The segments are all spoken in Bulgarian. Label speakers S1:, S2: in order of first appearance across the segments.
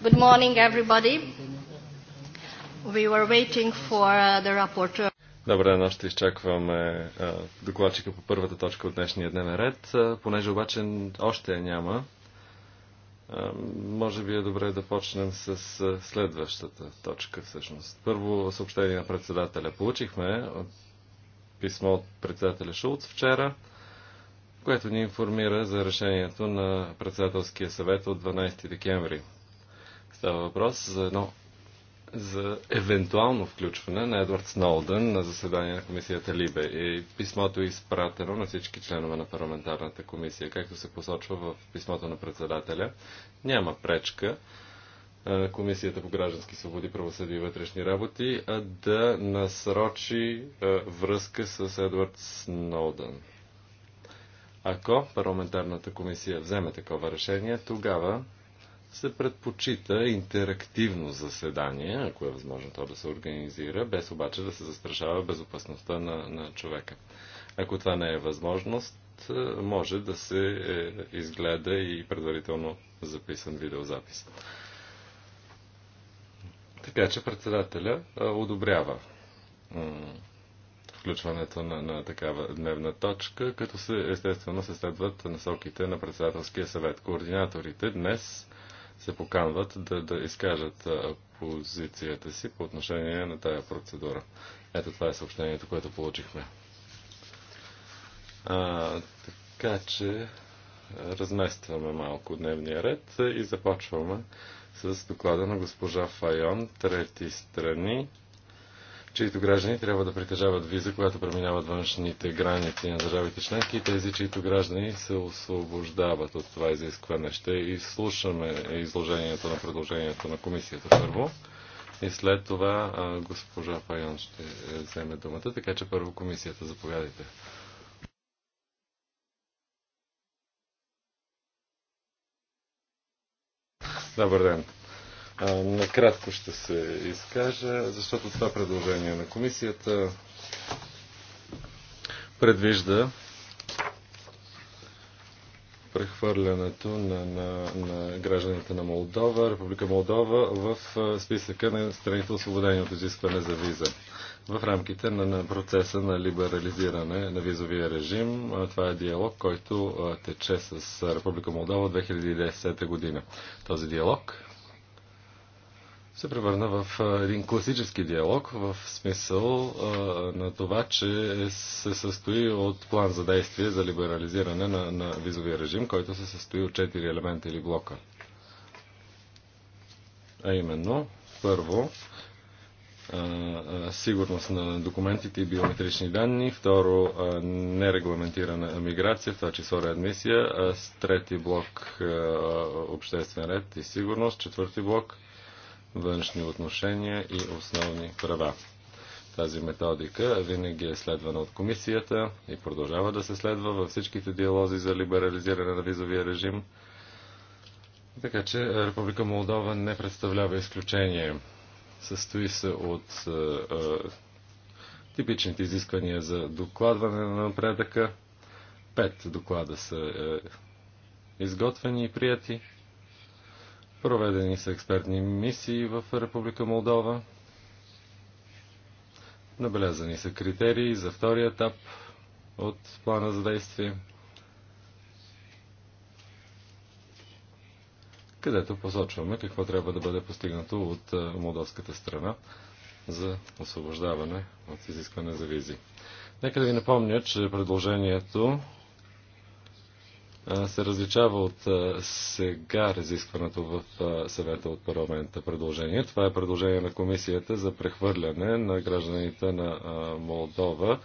S1: Good morning, everybody. We were waiting for uh, the rapporteur.
S2: Добре, но ще изчакваме докладчика по първата точка от днешния дневен ред. Понеже обаче още я няма, може би е добре да почнем с следващата точка всъщност. Първо съобщение на председателя. Получихме от писмо от председателя Шулц вчера, което ни информира за решението на председателския съвет от 12 декември Става въпрос за едно за евентуално включване на Едвард Сноуден на заседание на комисията Либе. И писмото е изпратено на всички членове на парламентарната комисия. Както се посочва в писмото на председателя, няма пречка Комисията по граждански свободи, правосъдие и вътрешни работи да насрочи връзка с Едвард Сноуден. Ако парламентарната комисия вземе такова решение, тогава се предпочита интерактивно заседание, ако е възможно то да се организира, без обаче да се застрашава безопасността на, на човека. Ако това не е възможност, е, може да се е, изгледа и предварително записан видеозапис. Така че председателя е, одобрява включването на, на такава дневна точка, като се, естествено се следват насоките на председателския съвет. Координаторите днес се поканват да, да изкажат позицията си по отношение на тая процедура. Ето това е съобщението, което получихме. А, така че разместваме малко дневния ред и започваме с доклада на госпожа Файон, трети страни чието граждани трябва да притежават виза, която преминават външните граници на държавите членки и тези, чието граждани се освобождават от това изискване. Ще изслушаме изложението на предложението на комисията първо и след това госпожа Пайон ще е, вземе думата, така че първо комисията заповядайте. Добър ден. Накратко ще се изкажа, защото това предложение на комисията предвижда прехвърлянето на, на, на гражданите на Молдова, Република Молдова, в списъка на страните освободени от изискване за виза. В рамките на, на процеса на либерализиране на визовия режим, това е диалог, който тече с Република Молдова 2010 година. Този диалог се превърна в един класически диалог, в смисъл а, на това, че се състои от план за действие за либерализиране на, на визовия режим, който се състои от четири елемента или блока. А именно, първо, сигурност на документите и биометрични данни, второ нерегламентирана миграция, в това число реадмисия, трети блок обществен ред и сигурност, четвърти блок външни отношения и основни права. Тази методика винаги е следвана от комисията и продължава да се следва във всичките диалози за либерализиране на визовия режим. Така че Република Молдова не представлява изключение. Състои се от е, е, типичните изисквания за докладване на напредъка. Пет доклада са е, изготвени и прияти. Проведени са експертни мисии в Република Молдова. Набелязани са критерии за втория етап от плана за действие, където посочваме какво трябва да бъде постигнато от молдовската страна за освобождаване от изискване за визи. Нека да ви напомня, че предложението се различава от сега разискването в съвета от парламента предложение. Това е предложение на комисията за прехвърляне на гражданите на Молдова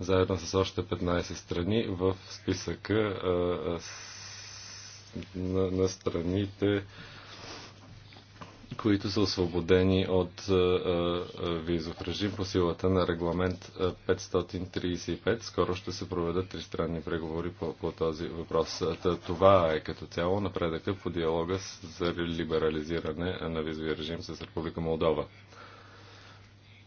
S2: заедно с още 15 страни в списъка на страните които са освободени от визов режим по силата на регламент 535. Скоро ще се проведат тристранни преговори по, по този въпрос. Това е като цяло напредъка по диалога за либерализиране на визовия режим с Република Молдова.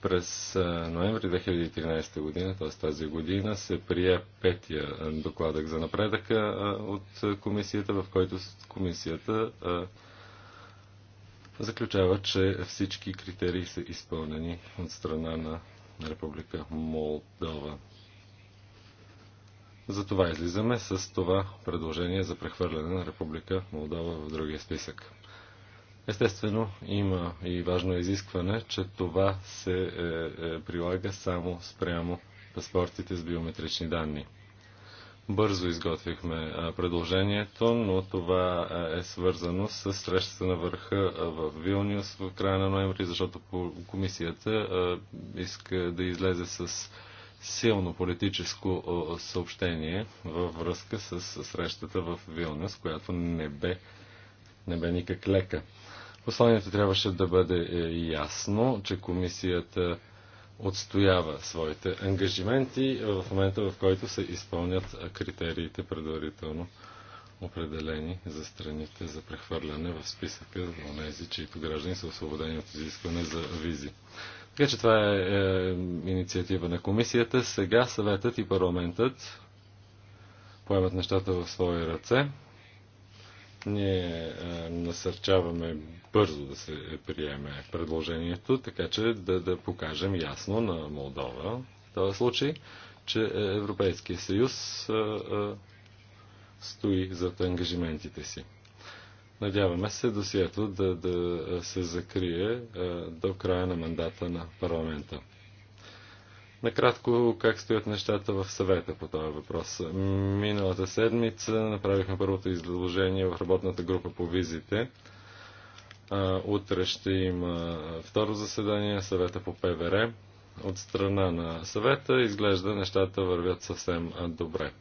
S2: През ноември 2013 година, т.е. тази година, се прие петия докладък за напредъка от комисията, в който комисията заключава, че всички критерии са изпълнени от страна на Република Молдова. Затова излизаме с това предложение за прехвърляне на Република Молдова в другия списък. Естествено, има и важно изискване, че това се е, е, прилага само спрямо паспортите с биометрични данни. Бързо изготвихме предложението, но това е свързано с срещата на върха в Вилнюс в края на ноември, защото комисията иска да излезе с силно политическо съобщение във връзка с срещата в Вилнюс, която не бе, не бе никак лека. Посланието трябваше да бъде е, ясно, че комисията отстоява своите ангажименти в момента, в който се изпълнят критериите предварително определени за страните за прехвърляне в списъка на тези, чието граждани са освободени от изискване за визи. Така че това е, е инициатива на комисията. Сега съветът и парламентът поемат нещата в свои ръце. Ние е, насърчаваме бързо да се приеме предложението, така че да, да покажем ясно на Молдова в този случай, че е, Европейския съюз е, стои зад ангажиментите си. Надяваме се досието да, да се закрие до края на мандата на парламента. Накратко, как стоят нещата в съвета по този въпрос? Миналата седмица направихме първото изложение в работната група по визите. Утре ще има второ заседание, съвета по ПВР. От страна на съвета изглежда нещата вървят съвсем добре.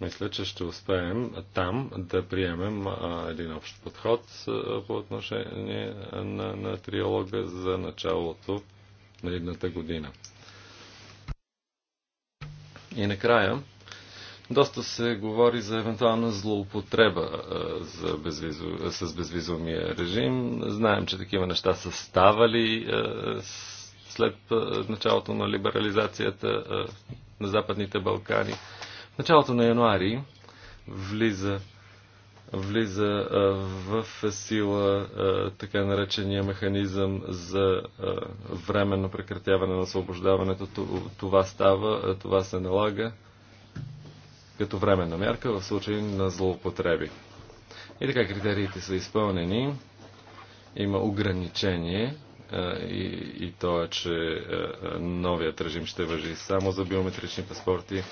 S2: Мисля, че ще успеем там да приемем един общ подход по отношение на, на триолога за началото на едната година. И накрая, доста се говори за евентуална злоупотреба за безвизу, с безвизовия режим. Знаем, че такива неща са ставали след началото на либерализацията на Западните Балкани. В началото на януари влиза влиза в сила така наречения механизъм за временно прекратяване на освобождаването. Това става, това се налага като временна мярка в случай на злоупотреби. И така критериите са изпълнени. Има ограничение и, и то е, че новият режим ще въжи само за биометрични паспорти.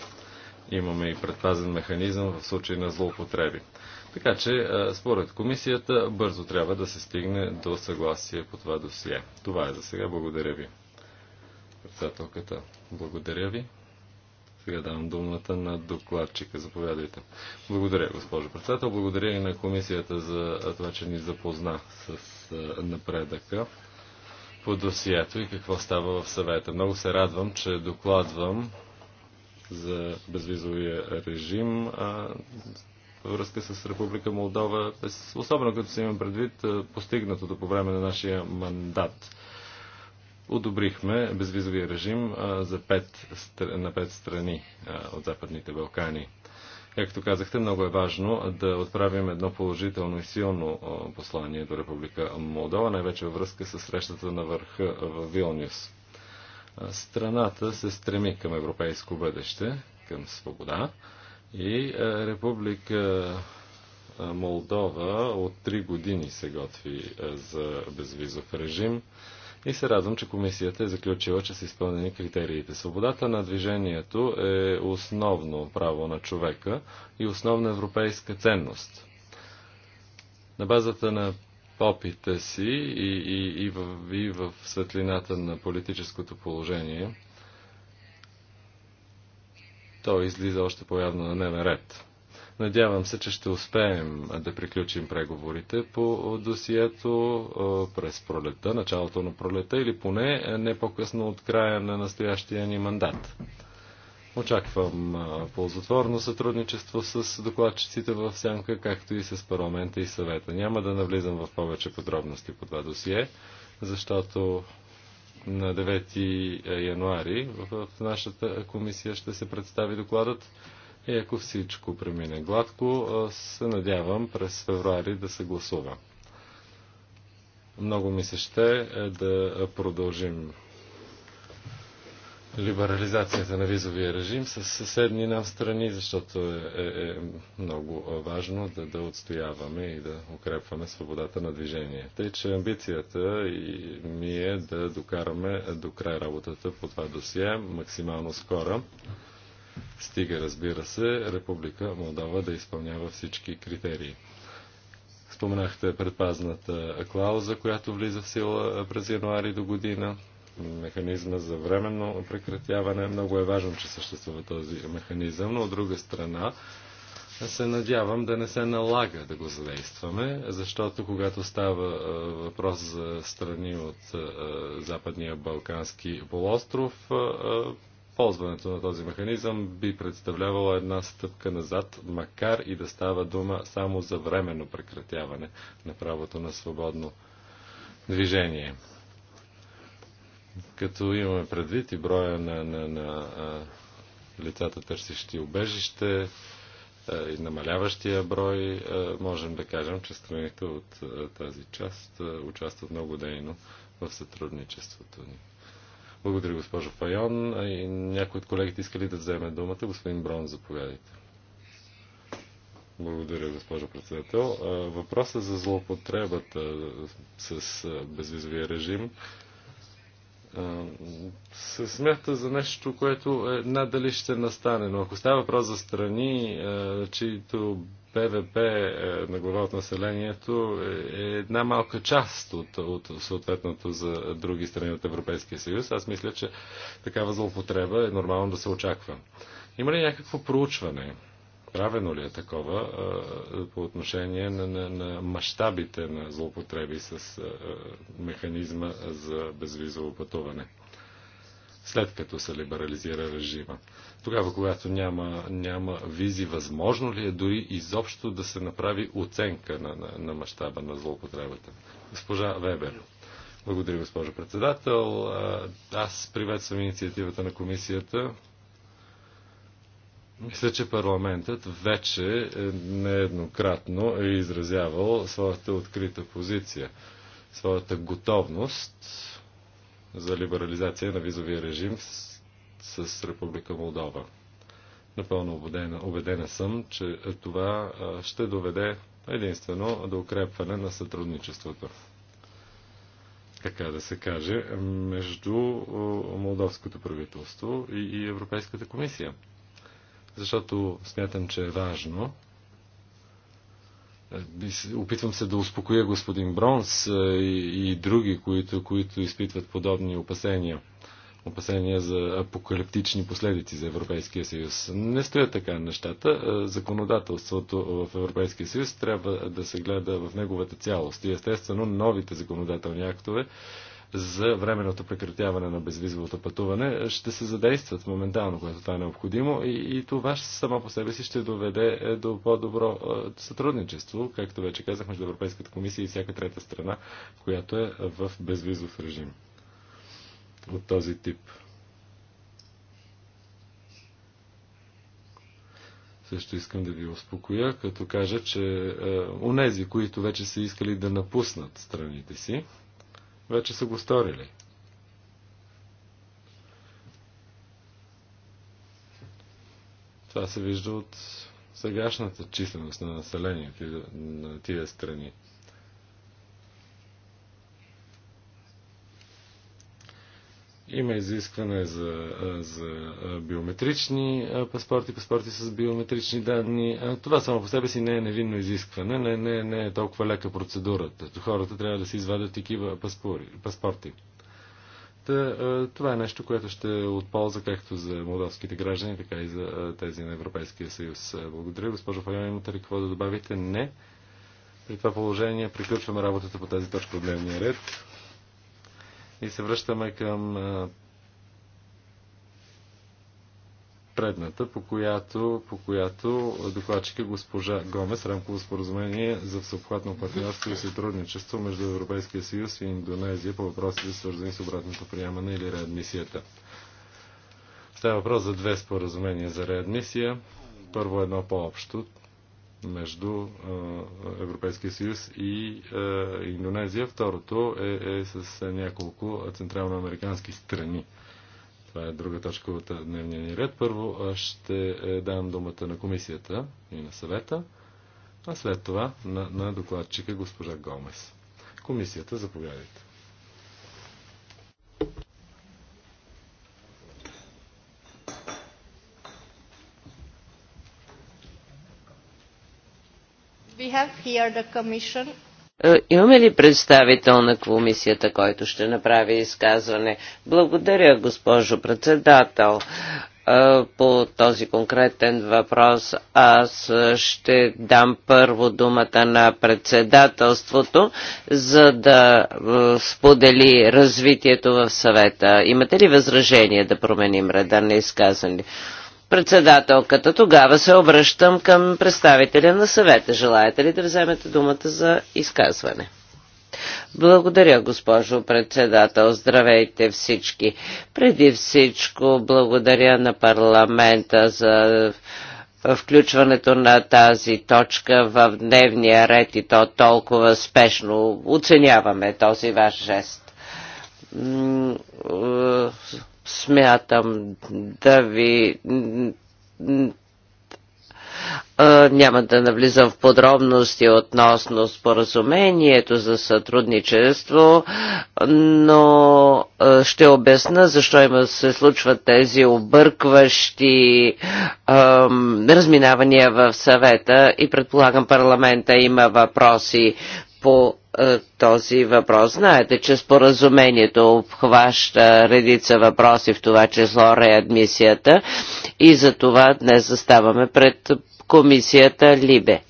S2: Имаме и предпазен механизъм в случай на злоупотреби. Така че, е, според комисията, бързо трябва да се стигне до съгласие по това досие. Това е за сега. Благодаря ви. Председателката, благодаря ви. Сега давам думата на докладчика. Заповядайте. Благодаря, госпожо председател. Благодаря и на комисията за това, че ни запозна с е, напредъка по досието и какво става в съвета. Много се радвам, че докладвам за безвизовия режим във връзка с Република Молдова, особено като се имам предвид постигнатото по време на нашия мандат. Одобрихме безвизовия режим за пет, на пет страни от Западните Балкани. Както казахте, много е важно да отправим едно положително и силно послание до Република Молдова, най-вече във връзка с срещата на върха в Вилнюс. Страната се стреми към европейско бъдеще, към свобода, и е, Република е, Молдова от 3 години се готви е, за безвизов режим и се радвам, че комисията е заключила, че са изпълнени критериите. Свободата на движението е основно право на човека и основна европейска ценност. На базата на опита си и, и, и, в, и в светлината на политическото положение, то излиза още по-явно на дневен ред. Надявам се, че ще успеем да приключим преговорите по досието през пролета, началото на пролета или поне не по-късно от края на настоящия ни мандат. Очаквам ползотворно сътрудничество с докладчиците в Сянка, както и с парламента и съвета. Няма да навлизам в повече подробности по това досие, защото на 9 януари в нашата комисия ще се представи докладът. И ако всичко премине гладко, се надявам през февруари да се гласува. Много ми се ще е, да продължим либерализацията на визовия режим с съседни нам страни, защото е, е, е много важно да, да отстояваме и да укрепваме свободата на движение. Тъй, че амбицията и ми е да докараме до край работата по това досие максимално скоро. Стига, разбира се, Република Молдова да изпълнява всички критерии. Споменахте предпазната клауза, която влиза в сила през януари до година механизма за временно прекратяване. Много е важно, че съществува този механизъм, но от друга страна се надявам да не се налага да го задействаме, защото когато става въпрос за страни от Западния Балкански полуостров, ползването на този механизъм би представлявало една стъпка назад, макар и да става дума само за временно прекратяване на правото на свободно движение. Като имаме предвид и броя на, на, на лицата търсещи убежище и намаляващия брой, можем да кажем, че страните от тази част участват много дейно в сътрудничеството ни. Благодаря, госпожо Файон. И някой от колегите искали да вземе думата. Господин Брон, заповядайте. Благодаря, госпожо председател. Въпросът за злоупотребата с безвизовия режим се смята за нещо, което е надали ще настане. Но ако става въпрос за страни, чието БВП е, на глава от населението е, е една малка част от, от съответното за други страни от Европейския съюз, аз мисля, че такава злоупотреба е нормално да се очаква. Има ли някакво проучване? правено ли е такова по отношение на, на, на мащабите на злоупотреби с механизма за безвизово пътуване? след като се либерализира режима. Тогава, когато няма, няма визи, възможно ли е дори изобщо да се направи оценка на, на, на мащаба на злоупотребата? Госпожа Вебер. Благодаря, госпожо председател. Аз приветствам инициативата на комисията мисля, че парламентът вече е, нееднократно е изразявал своята открита позиция, своята готовност за либерализация на визовия режим с, с Република Молдова. Напълно убедена, убедена съм, че това ще доведе единствено до укрепване на сътрудничеството така да се каже, между молдовското правителство и Европейската комисия защото смятам, че е важно. Е, опитвам се да успокоя господин Бронс е, и, и други, които, които изпитват подобни опасения. Опасения за апокалиптични последици за Европейския съюз. Не стоят така нещата. Е, законодателството в Европейския съюз трябва да се гледа в неговата цялост. И естествено, новите законодателни актове за временното прекратяване на безвизовото пътуване ще се задействат моментално, когато това е необходимо и, и това само по себе си ще доведе е, до по-добро е, сътрудничество, както вече казах, между Европейската комисия и всяка трета страна, която е в безвизов режим от този тип. също искам да ви успокоя, като кажа, че е, онези, които вече са искали да напуснат страните си, вече са го сторили. Това се вижда от сегашната численост на населението на тия страни. Има изискване за, за биометрични паспорти, паспорти с биометрични данни. Това само по себе си не е невинно изискване, не, не, не е толкова лека процедурата. Хората трябва да си извадят такива паспорти. Та, това е нещо, което ще е отполза както за молдовските граждани, така и за тези на Европейския съюз. Благодаря. Госпожо Файон, имате ли какво да добавите? Не. При това положение приключваме работата по тази точка от дневния ред. И се връщаме към предната, по която, по която докладчик е госпожа Гомес, рамково споразумение за всеобхватно партньорство и сътрудничество между Европейския съюз и Индонезия по въпросите свързани с обратното приемане или реадмисията. Става въпрос за две споразумения за реадмисия. Първо едно по-общо, между Европейския съюз и Индонезия. Второто е, е с няколко централноамерикански страни. Това е друга точка от дневния ни ред. Първо ще е, дам думата на комисията и на съвета, а след това на, на докладчика госпожа Гомес. Комисията, заповядайте.
S3: Е, имаме ли представител на комисията, който ще направи изказване? Благодаря, госпожо председател е, по този конкретен въпрос. Аз ще дам първо думата на председателството, за да е, сподели развитието в съвета. Имате ли възражение да променим реда на изказване? Председателката, тогава се обръщам към представителя на съвета. Желаете ли да вземете думата за изказване? Благодаря, госпожо председател. Здравейте всички. Преди всичко благодаря на парламента за включването на тази точка в дневния ред и то толкова спешно. Оценяваме този ваш жест е, смятам да ви няма да навлизам в подробности относно споразумението за сътрудничество, но ще обясна защо има се случват тези объркващи ем, разминавания в съвета и предполагам парламента има въпроси по е, този въпрос. Знаете, че споразумението обхваща редица въпроси, в това число реадмисията и за това днес заставаме пред комисията Либе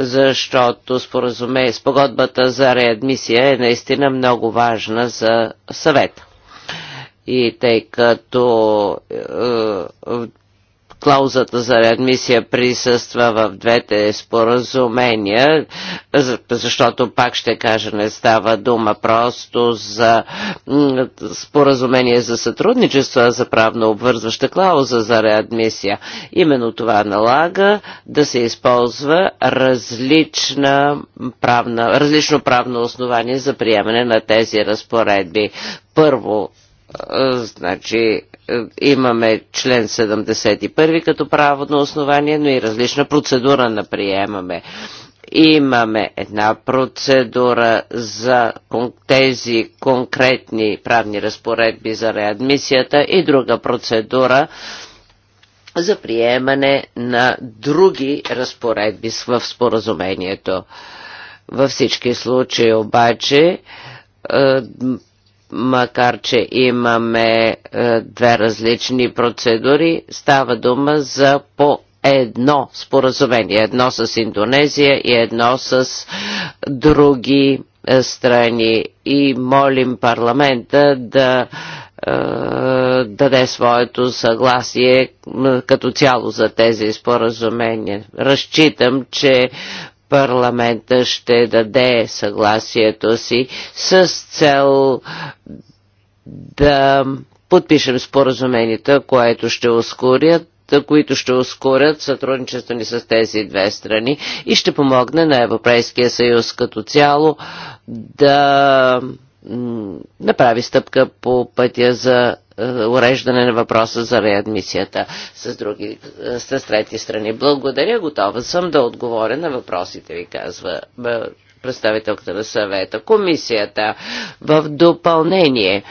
S3: защото споразуме, спогодбата за реадмисия е наистина много важна за съвет. И тъй като е, Клаузата за реадмисия присъства в двете споразумения, защото пак ще кажа, не става дума просто за споразумение за сътрудничество, а за правно обвързваща клауза за реадмисия. Именно това налага да се използва различна правна, различно правно основание за приемане на тези разпоредби. Първо, значи е, имаме член 71 като правно основание, но и различна процедура на приемаме имаме една процедура за тези конкретни правни разпоредби за реадмисията и друга процедура за приемане на други разпоредби в споразумението. Във всички случаи обаче е, макар че имаме е, две различни процедури, става дума за по едно споразумение, едно с Индонезия и едно с други е, страни. И молим парламента да е, даде своето съгласие като цяло за тези споразумения. Разчитам, че парламента ще даде съгласието си с цел да подпишем споразуменията, което ще ускорят които ще ускорят сътрудничество ни с тези две страни и ще помогне на Европейския съюз като цяло да направи стъпка по пътя за е, уреждане на въпроса за реадмисията с, други, е, с трети страни. Благодаря, готова съм да отговоря на въпросите ви, казва е, представителката на съвета. Комисията в допълнение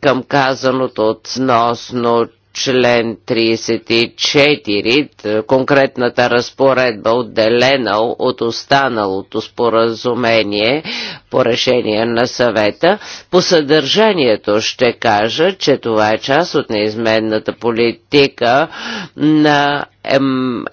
S3: към казаното относно член 34, конкретната разпоредба отделена от останалото споразумение по решение на съвета. По съдържанието ще кажа, че това е част от неизменната политика на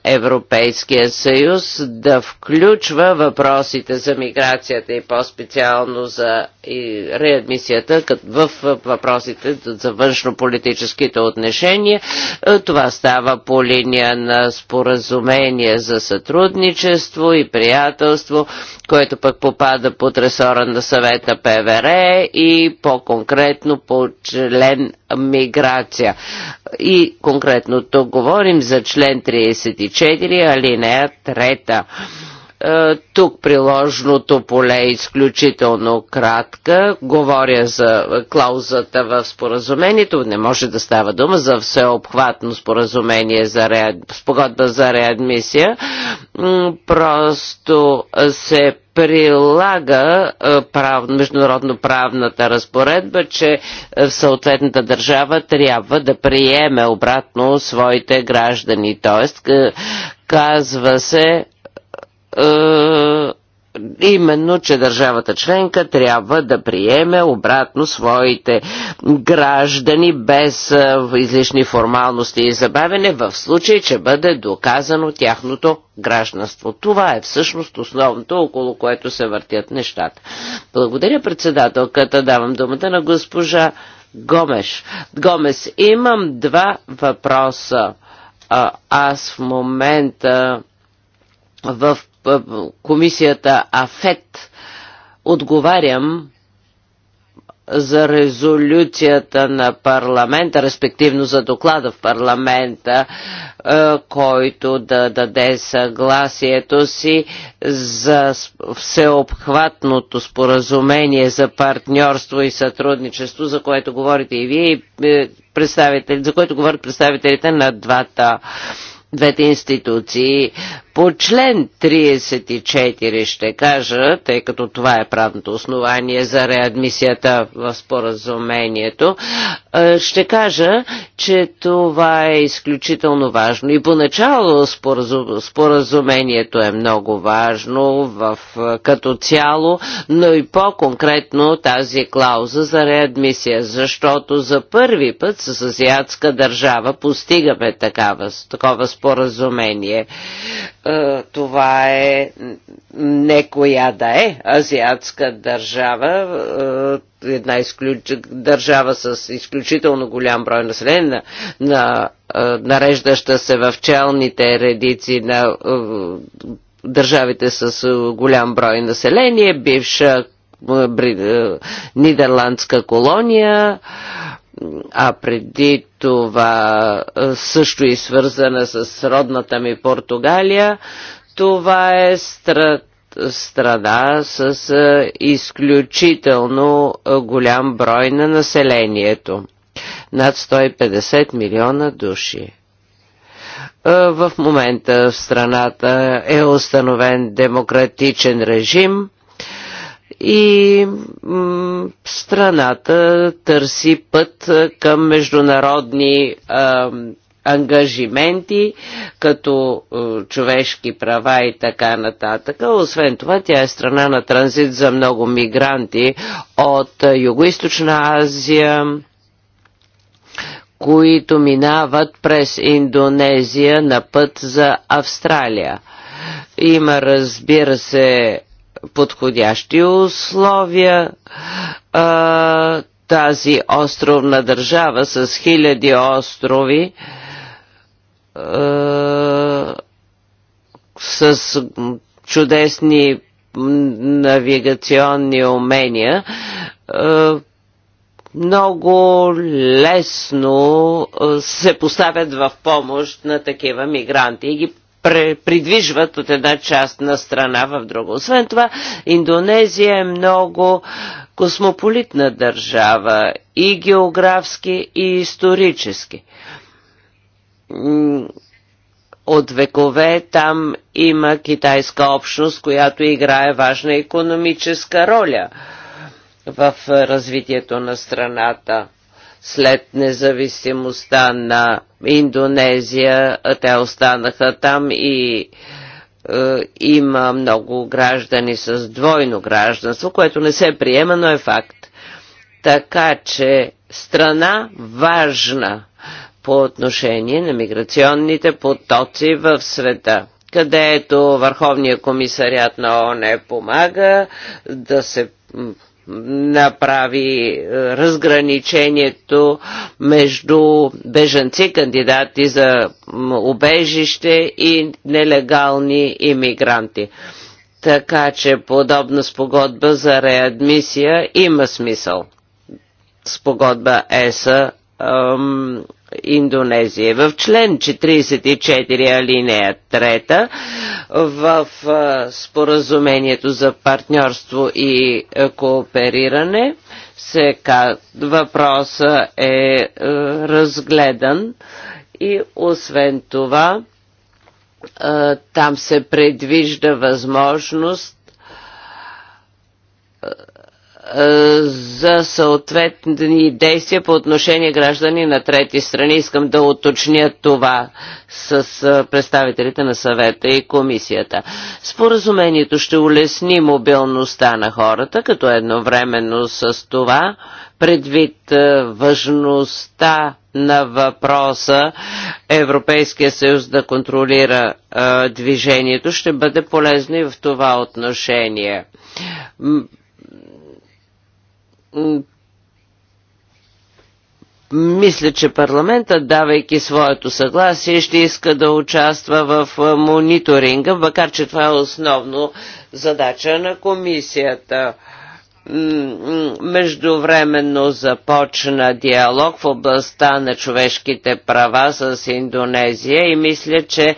S3: Европейския съюз да включва въпросите за миграцията и по-специално за и реадмисията в въпросите за външно-политическите отношения. Е, това става по линия на споразумение за сътрудничество и приятелство, което пък попада под ресора на съвета ПВР и по-конкретно по член миграция. И конкретно тук говорим за член член 34, алинея 3. Е, тук приложното поле е изключително кратка. Говоря за клаузата в споразумението. Не може да става дума за всеобхватно споразумение за реад... спогодба за реадмисия. Просто се прилага е, прав, международно правната разпоредба, че е, съответната държава трябва да приеме обратно своите граждани. Тоест, казва се е, именно, че държавата членка трябва да приеме обратно своите граждани без е, излишни формалности и забавене в случай, че бъде доказано тяхното гражданство. Това е всъщност основното, около което се въртят нещата. Благодаря председателката. Давам думата на госпожа Гомеш. Гомес, имам два въпроса. аз в момента в е, комисията АФЕТ отговарям за резолюцията на парламента, респективно за доклада в парламента, е, който да даде съгласието си за всеобхватното споразумение за партньорство и сътрудничество, за което говорите и вие, е, представители, за което говорят представителите на двата двете институции. По член 34 ще кажа, тъй като това е правното основание за реадмисията в споразумението, е, ще кажа, че това е изключително важно. И поначало споразумението е много важно в, е, като цяло, но и по-конкретно тази клауза за реадмисия, защото за първи път с азиатска държава постигаме такава, такова споразумение е, е, това е не коя да е азиатска държава, е, една изключ... държава с изключително голям брой население, на, на, е, нареждаща се в челните редици на държавите с голям брой население, бивша Нидерландска колония, а преди това също и свързана с родната ми Португалия, това е страт страда с изключително голям брой на населението. Над 150 милиона души. В момента в страната е установен демократичен режим и страната търси път към международни а, ангажименти, като човешки права и така нататък. Освен това, тя е страна на транзит за много мигранти от Юго-Источна Азия, които минават през Индонезия на път за Австралия. Има, разбира се, подходящи условия. А, тази островна държава с хиляди острови а, с чудесни навигационни умения много лесно се поставят в помощ на такива мигранти и ги придвижват от една част на страна в друга. Освен това, Индонезия е много космополитна държава и географски, и исторически. От векове там има китайска общност, която играе важна економическа роля в развитието на страната след независимостта на Индонезия, те останаха там и е, има много граждани с двойно гражданство, което не се приема, но е факт. Така че страна важна по отношение на миграционните потоци в света където Върховния комисарят на ООН помага да се направи е, разграничението между бежанци, кандидати за убежище и нелегални иммигранти. Така че подобна спогодба за реадмисия има смисъл. Спогодба ЕСА Индонезия. В член 44 алинея 3 в споразумението за партньорство и коопериране се въпроса е разгледан и освен това там се предвижда възможност е, за съответни действия по отношение граждани на трети страни. Искам да уточня това с е, представителите на съвета и комисията. Споразумението ще улесни мобилността на хората, като едновременно с това предвид е, важността на въпроса Европейския съюз да контролира е, движението ще бъде полезно и в това отношение мисля, че парламента, давайки своето съгласие, ще иска да участва в мониторинга, макар че това е основно задача на комисията. Междувременно започна диалог в областта на човешките права с Индонезия и мисля, че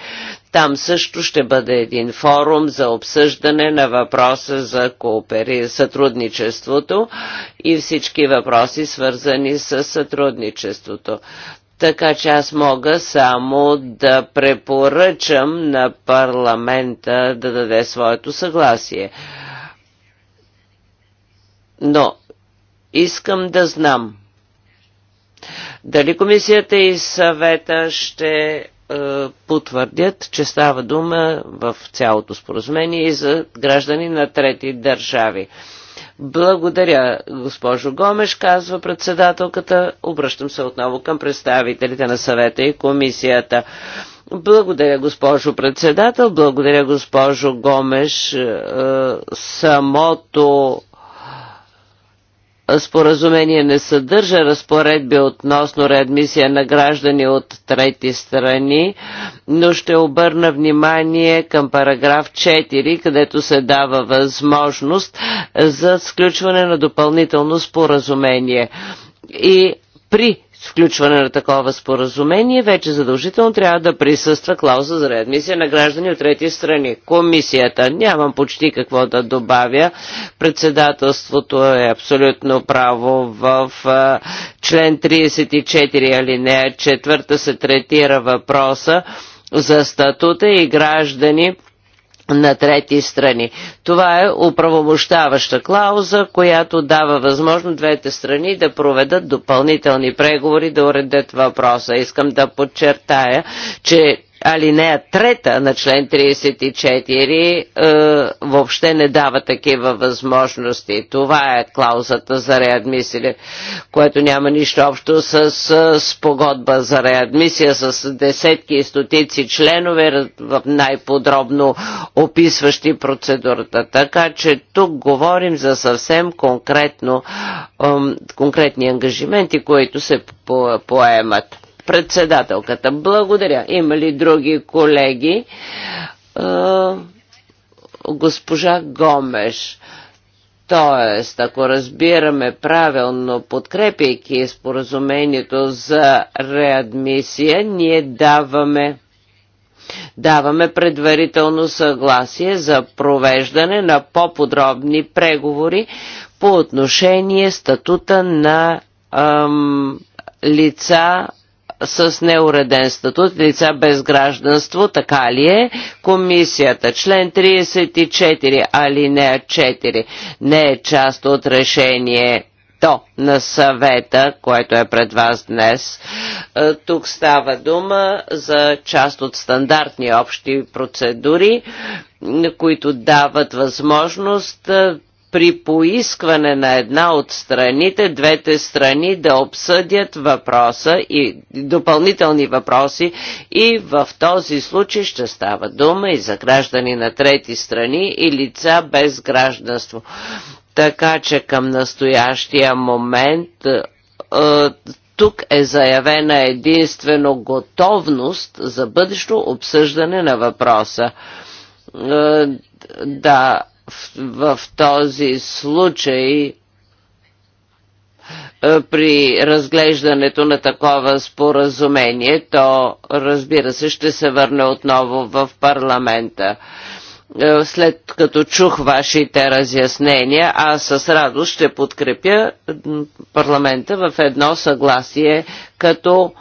S3: там също ще бъде един форум за обсъждане на въпроса за коопери... сътрудничеството и всички въпроси, свързани с сътрудничеството. Така че аз мога само да препоръчам на парламента да даде своето съгласие. Но искам да знам дали комисията и съвета ще е, потвърдят, че става дума в цялото споразумение и за граждани на трети държави. Благодаря, госпожо Гомеш, казва председателката. Обръщам се отново към представителите на съвета и комисията. Благодаря, госпожо председател. Благодаря, госпожо Гомеш. Е, самото споразумение не съдържа разпоредби относно реадмисия на граждани от трети страни, но ще обърна внимание към параграф 4, където се дава възможност за сключване на допълнително споразумение. И при включване на такова споразумение, вече задължително трябва да присъства клауза за реадмисия на граждани от трети страни. Комисията, нямам почти какво да добавя, председателството е абсолютно право в член 34 алинея 4 се третира въпроса за статута и граждани на трети страни. Това е управомощаваща клауза, която дава възможност двете страни да проведат допълнителни преговори да уредят въпроса. Искам да подчертая, че алинея трета на член 34 е, въобще не дава такива възможности. Това е клаузата за реадмисия, което няма нищо общо с, е, с, погодба за реадмисия, с десетки и стотици членове, в най-подробно описващи процедурата. Така че тук говорим за съвсем конкретно, конкретни ангажименти, които се поемат Председателката. Благодаря. Има ли други колеги? Госпожа Гомеш. Тоест, ако разбираме правилно, подкрепяйки споразумението за реадмисия, ние даваме Даваме предварително съгласие за провеждане на по-подробни преговори по отношение статута на ам, лица с неуреден статут лица без гражданство, така ли е? Комисията, член 34, алинея 4, не е част от решение то на съвета, което е пред вас днес. Е, тук става дума за част от стандартни общи процедури, които дават възможност е, при поискване на една от страните, двете страни да обсъдят въпроса и допълнителни въпроси и в този случай ще става дума и за граждани на трети страни и лица без гражданство. Така че към настоящия момент е, е, тук е заявена единствено готовност за бъдещо обсъждане на въпроса е, да, в, в този случай е, при разглеждането на такова споразумение, то разбира се ще се върне отново в парламента. Е, след като чух вашите разяснения, аз с радост ще подкрепя парламента в едно съгласие като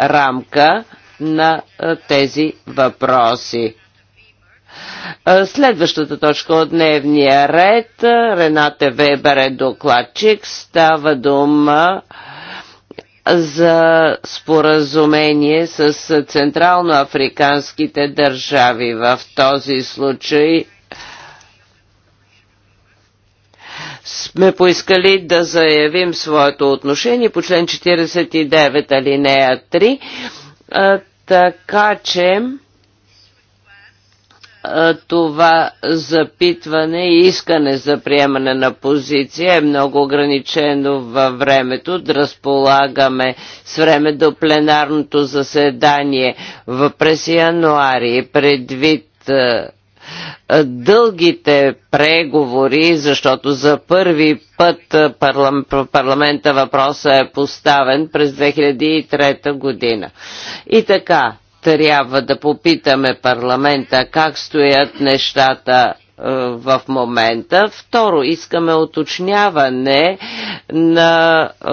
S3: рамка на е, тези въпроси. Следващата точка от дневния ред, Рената Вебер е докладчик, става дума за споразумение с централноафриканските държави. В този случай сме поискали да заявим своето отношение по член 49 алинея 3, така че това запитване и искане за приемане на позиция е много ограничено във времето. Да разполагаме с време до пленарното заседание в през януари предвид дългите преговори, защото за първи път парламента въпроса е поставен през 2003 година. И така, трябва да попитаме парламента как стоят нещата е, в момента. Второ, искаме уточняване на е,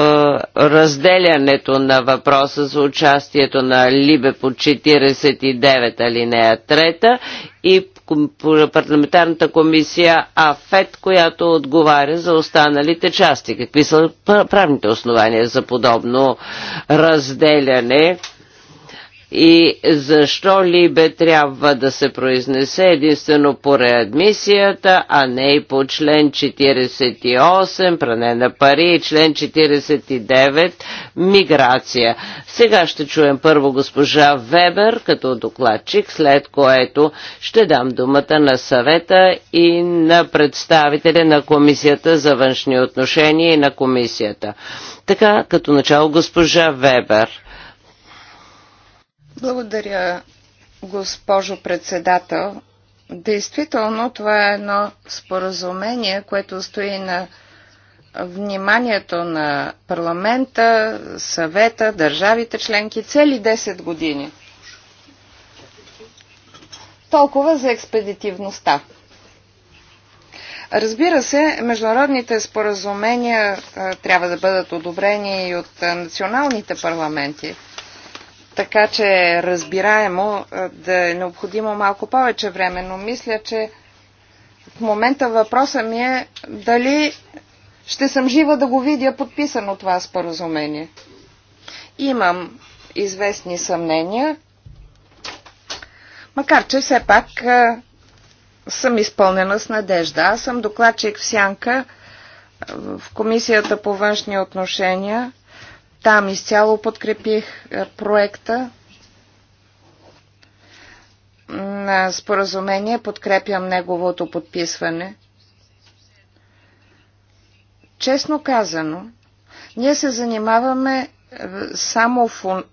S3: разделянето на въпроса за участието на Либе по 49 алинея 3 и парламентарната комисия АФЕТ, която отговаря за останалите части. Какви са правните основания за подобно разделяне? И защо Либе трябва да се произнесе единствено по реадмисията, а не и по член 48, пране на пари и член 49, миграция. Сега ще чуем първо госпожа Вебер като докладчик, след което ще дам думата на съвета и на представителя на Комисията за външни отношения и на Комисията. Така, като начало госпожа Вебер.
S4: Благодаря, госпожо председател. Действително, това е едно споразумение, което стои на вниманието на парламента, съвета, държавите членки цели 10 години. Толкова за експедитивността. Разбира се, международните споразумения а, трябва да бъдат одобрени и от а, националните парламенти така че е разбираемо е, да е необходимо малко повече време, но мисля, че в момента въпроса ми е дали ще съм жива да го видя подписано това споразумение. Имам известни съмнения, макар че все пак е, съм изпълнена с надежда. Аз съм докладчик в Сянка е, в Комисията по външни отношения – там изцяло подкрепих е, проекта на споразумение, подкрепям неговото подписване. Честно казано, ние се занимаваме е, само в,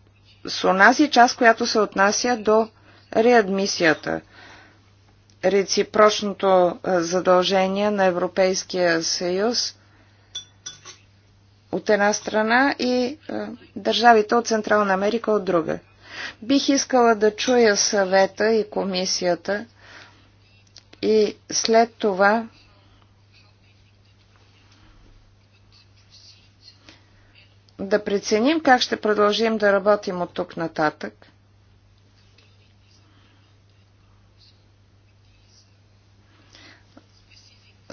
S4: с онази част, която се отнася до реадмисията, реципрочното е, задължение на Европейския съюз – от една страна и е, държавите от Централна Америка от друга. Бих искала да чуя съвета и комисията и след това да преценим как ще продължим да работим от тук нататък.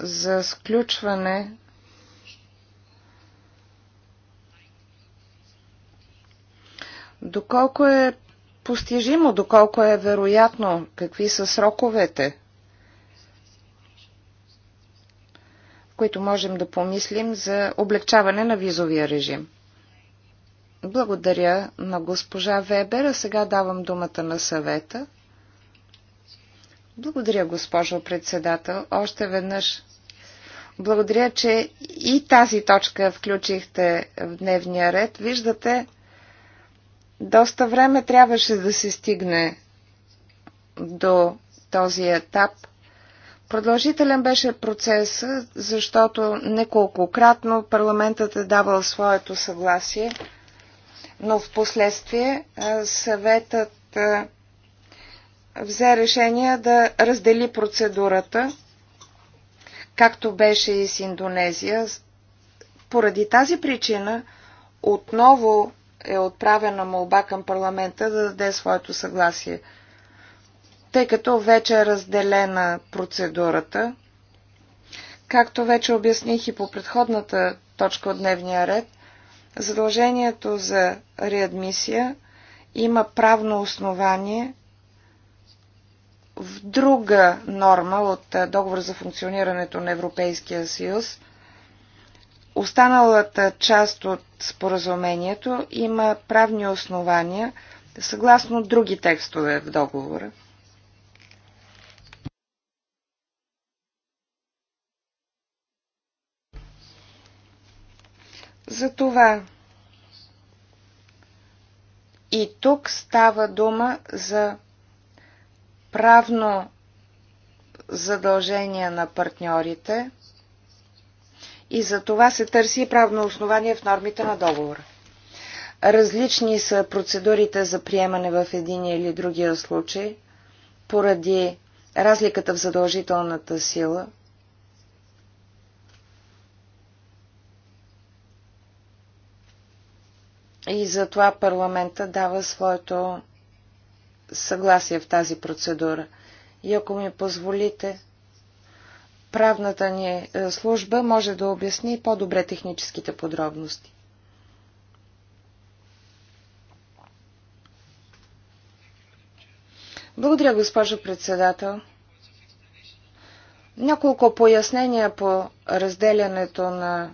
S4: за сключване Доколко е постижимо, доколко е вероятно, какви са сроковете, в които можем да помислим за облегчаване на визовия режим. Благодаря на госпожа Вебер, а сега давам думата на съвета. Благодаря, госпожо председател. Още веднъж благодаря, че и тази точка включихте в дневния ред. Виждате, доста време трябваше да се стигне до този етап. Продължителен беше процес, защото неколкократно парламентът е давал своето съгласие, но в последствие съветът взе решение да раздели процедурата, както беше и с Индонезия. Поради тази причина отново е отправена молба към парламента да даде своето съгласие. Тъй като вече е разделена процедурата, както вече обясних и по предходната точка от дневния ред, задължението за реадмисия има правно основание в друга норма от договор за функционирането на Европейския съюз – Останалата част от споразумението има правни основания съгласно други текстове в договора. Затова и тук става дума за правно задължение на партньорите – и за това се търси правно основание в нормите на договора. Различни са процедурите за приемане в един или другия случай, поради разликата в задължителната сила, и затова парламента дава своето съгласие в тази процедура. И ако ми позволите, правната ни е, служба може да обясни по-добре техническите подробности. Благодаря, госпожо председател. Няколко пояснения по разделянето на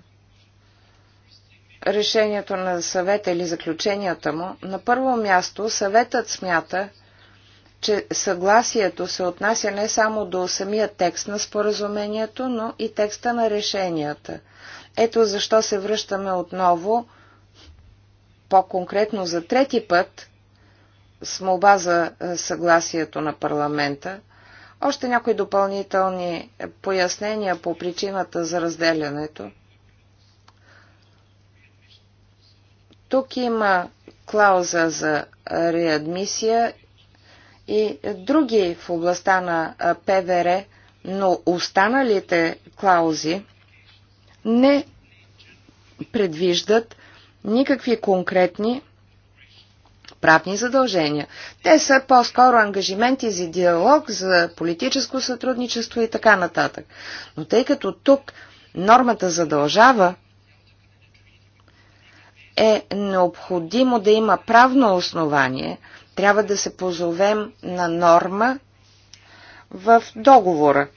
S4: решението на съвета или заключенията му. На първо място съветът смята, че съгласието се отнася не само до самия текст на споразумението, но и текста на решенията. Ето защо се връщаме отново, по-конкретно за трети път, с молба за е, съгласието на парламента. Още някои допълнителни пояснения по причината за разделянето. Тук има клауза за реадмисия и други в областта на ПВР, но останалите клаузи не предвиждат никакви конкретни правни задължения. Те са по-скоро ангажименти за диалог, за политическо сътрудничество и така нататък. Но тъй като тук нормата задължава, е необходимо да има правно основание, трябва да се позовем на норма в договора.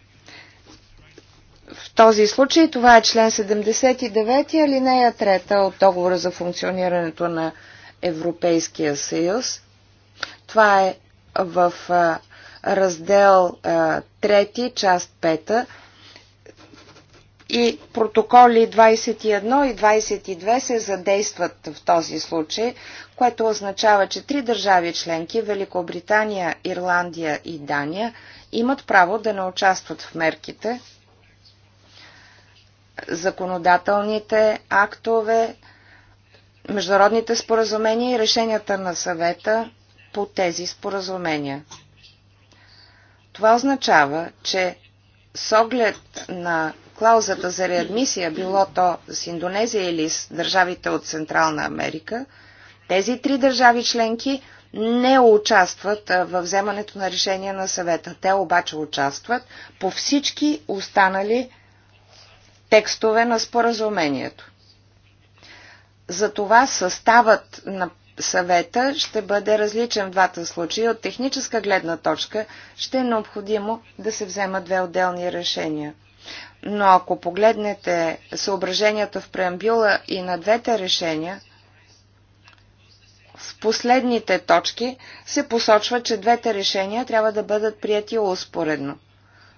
S4: В този случай това е член 79 алинея 3 от договора за функционирането на Европейския съюз. Това е в раздел 3, част 5 и протоколи 21 и 22 се задействат в този случай, което означава, че три държави членки Великобритания, Ирландия и Дания имат право да не участват в мерките, законодателните актове, международните споразумения и решенията на съвета по тези споразумения. Това означава, че с оглед на клаузата за реадмисия, било то с Индонезия или с държавите от Централна Америка, тези три държави членки не участват в вземането на решение на съвета. Те обаче участват по всички останали текстове на споразумението. Затова съставът на съвета ще бъде различен в двата случая. От техническа гледна точка ще е необходимо да се вземат две отделни решения – но ако погледнете съображенията в преамбюла и на двете решения, в последните точки се посочва, че двете решения трябва да бъдат прияти успоредно.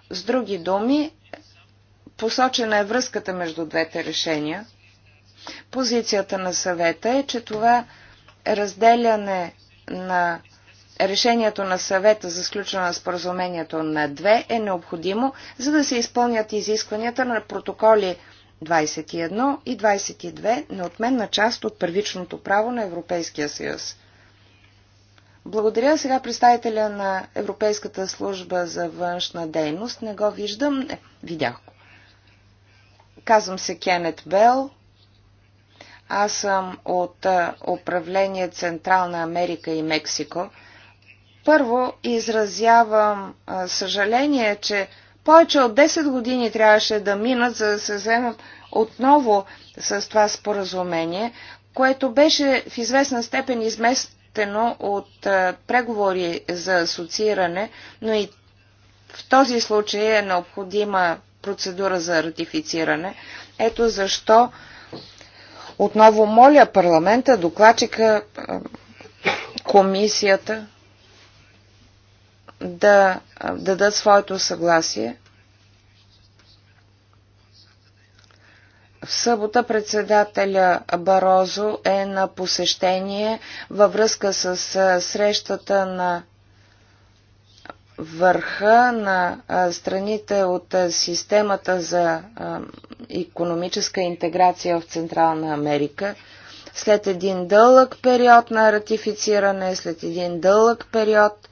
S4: С други думи, посочена е връзката между двете решения. Позицията на съвета е, че това разделяне на решението на съвета за сключване на споразумението на 2 е необходимо, за да се изпълнят изискванията на протоколи 21 и 22 на отменна част от първичното право на Европейския съюз. Благодаря сега представителя на Европейската служба за външна дейност. Не го виждам. Не, видях го. Казвам се Кенет Бел. Аз съм от управление Централна Америка и Мексико. Първо изразявам съжаление, че повече от 10 години трябваше да минат, за да се вземат отново с това споразумение, което беше в известна степен изместено от преговори за асоцииране, но и в този случай е необходима процедура за ратифициране. Ето защо отново моля парламента, докладчика, комисията да дадат своето съгласие. В събота председателя Барозо е на посещение във връзка с срещата на върха на страните от системата за економическа интеграция в Централна Америка. След един дълъг период на ратифициране, след един дълъг период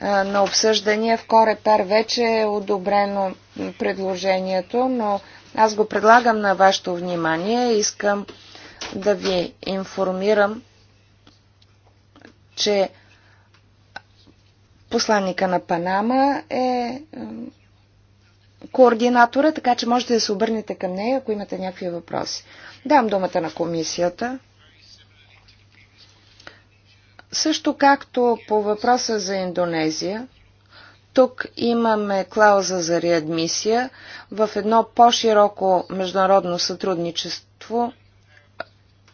S4: на обсъждания в Корепер вече е одобрено предложението, но аз го предлагам на вашето внимание. Искам да ви информирам, че посланника на Панама е координатора, така че можете да се обърнете към нея, ако имате някакви въпроси. Дам думата на комисията. Също както по въпроса за Индонезия, тук имаме клауза за реадмисия в едно по-широко международно сътрудничество,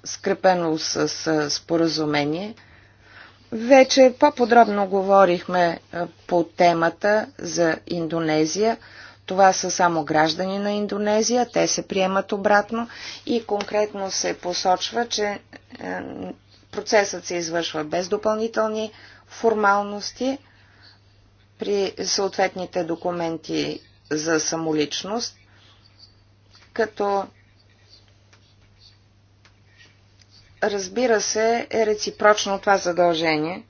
S4: скрепено с споразумение. Вече по-подробно говорихме е, по темата за Индонезия. Това са само граждани на Индонезия, те се приемат обратно и конкретно се посочва, че е, Процесът се извършва без допълнителни формалности при съответните документи за самоличност, като разбира се е реципрочно това задължение.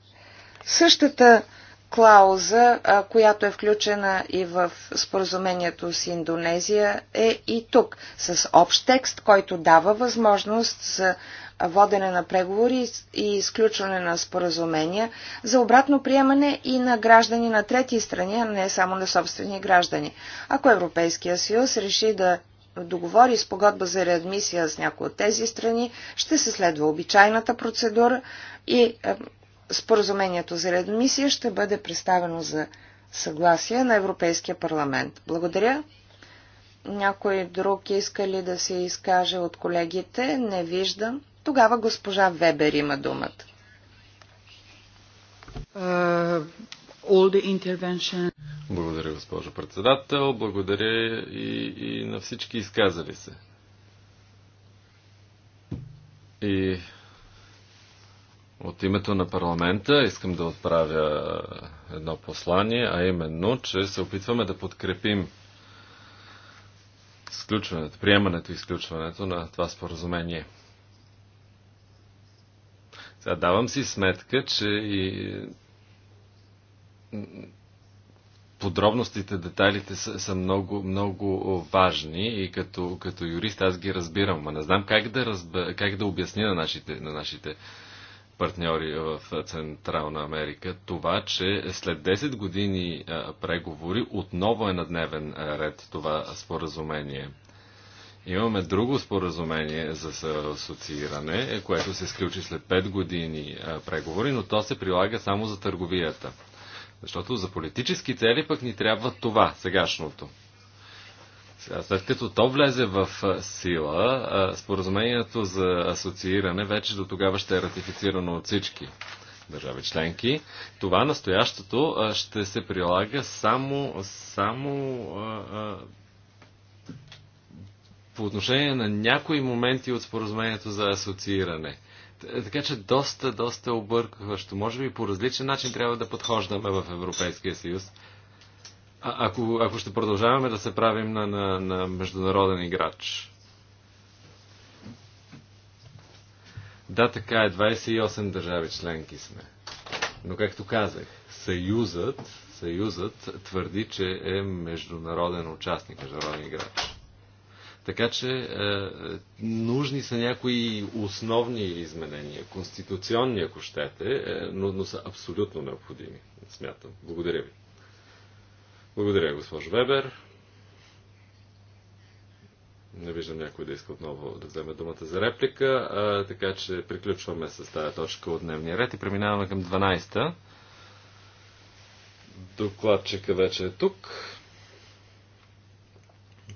S4: Същата клауза, която е включена и в споразумението с Индонезия, е и тук, с общ текст, който дава възможност за водене на преговори и изключване на споразумения за обратно приемане и на граждани на трети страни, а не само на собствени граждани. Ако Европейския съюз реши да договори с погодба за реадмисия с някои от тези страни, ще се следва обичайната процедура и е, споразумението за реадмисия ще бъде представено за съгласие на Европейския парламент. Благодаря. Някой друг иска ли да се изкаже от колегите? Не виждам. Тогава госпожа Вебер има думата.
S1: Uh,
S2: благодаря, госпожо председател. Благодаря и, и на всички изказали се. И от името на парламента искам да отправя едно послание, а именно, че се опитваме да подкрепим сключването, приемането и изключването на това споразумение. Сега давам си сметка, че и подробностите, детайлите са, са много, много важни и като, като юрист аз ги разбирам, но не знам как да, разбер, как да обясня на нашите, на нашите партньори в Централна Америка това, че след 10 години преговори отново е на дневен ред това споразумение – Имаме друго споразумение за асоцииране, е, което се сключи след 5 години преговори, но то се прилага само за търговията. Защото за политически цели пък ни трябва това, сегашното. Сега, след като то влезе в сила, споразумението за асоцииране вече до тогава ще е ратифицирано от всички държави членки. Това настоящото ще се прилага само, само по отношение на някои моменти от споразумението за асоцииране. Така че доста, доста объркващо. Може би по различен начин трябва да подхождаме в Европейския съюз. А, ако, ако ще продължаваме да се правим на, на, на международен играч. Да, така е. 28 държави членки сме. Но както казах, съюзът, съюзът твърди, че е международен участник, международен играч. Така че е, е, нужни са някои основни изменения, конституционни, ако щете, е, но, но са абсолютно необходими, смятам. Благодаря ви. Благодаря, госпожо Вебер. Не виждам някой да иска отново да вземе думата за реплика, а, така че приключваме с тази точка от дневния ред и преминаваме към 12-та. Докладчика вече е тук.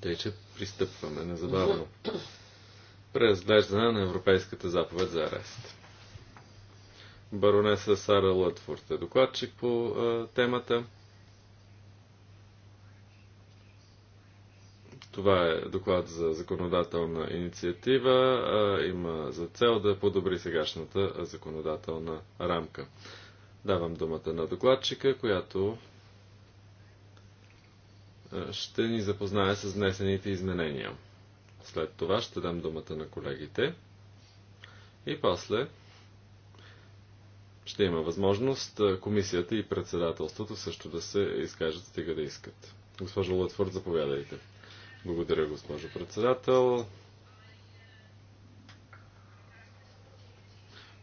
S2: Тъй, че пристъпваме незабавно. Преразглеждане на Европейската заповед за арест. Баронеса Сара Лътфорд е докладчик по а, темата. Това е доклад за законодателна инициатива. А, има за цел да подобри сегашната законодателна рамка. Давам думата на докладчика, която ще ни запознае с внесените изменения. След това ще дам думата на колегите и после ще има възможност комисията и председателството също да се изкажат, стига да искат. Госпожо Лътфорд, заповядайте. Благодаря, госпожо председател.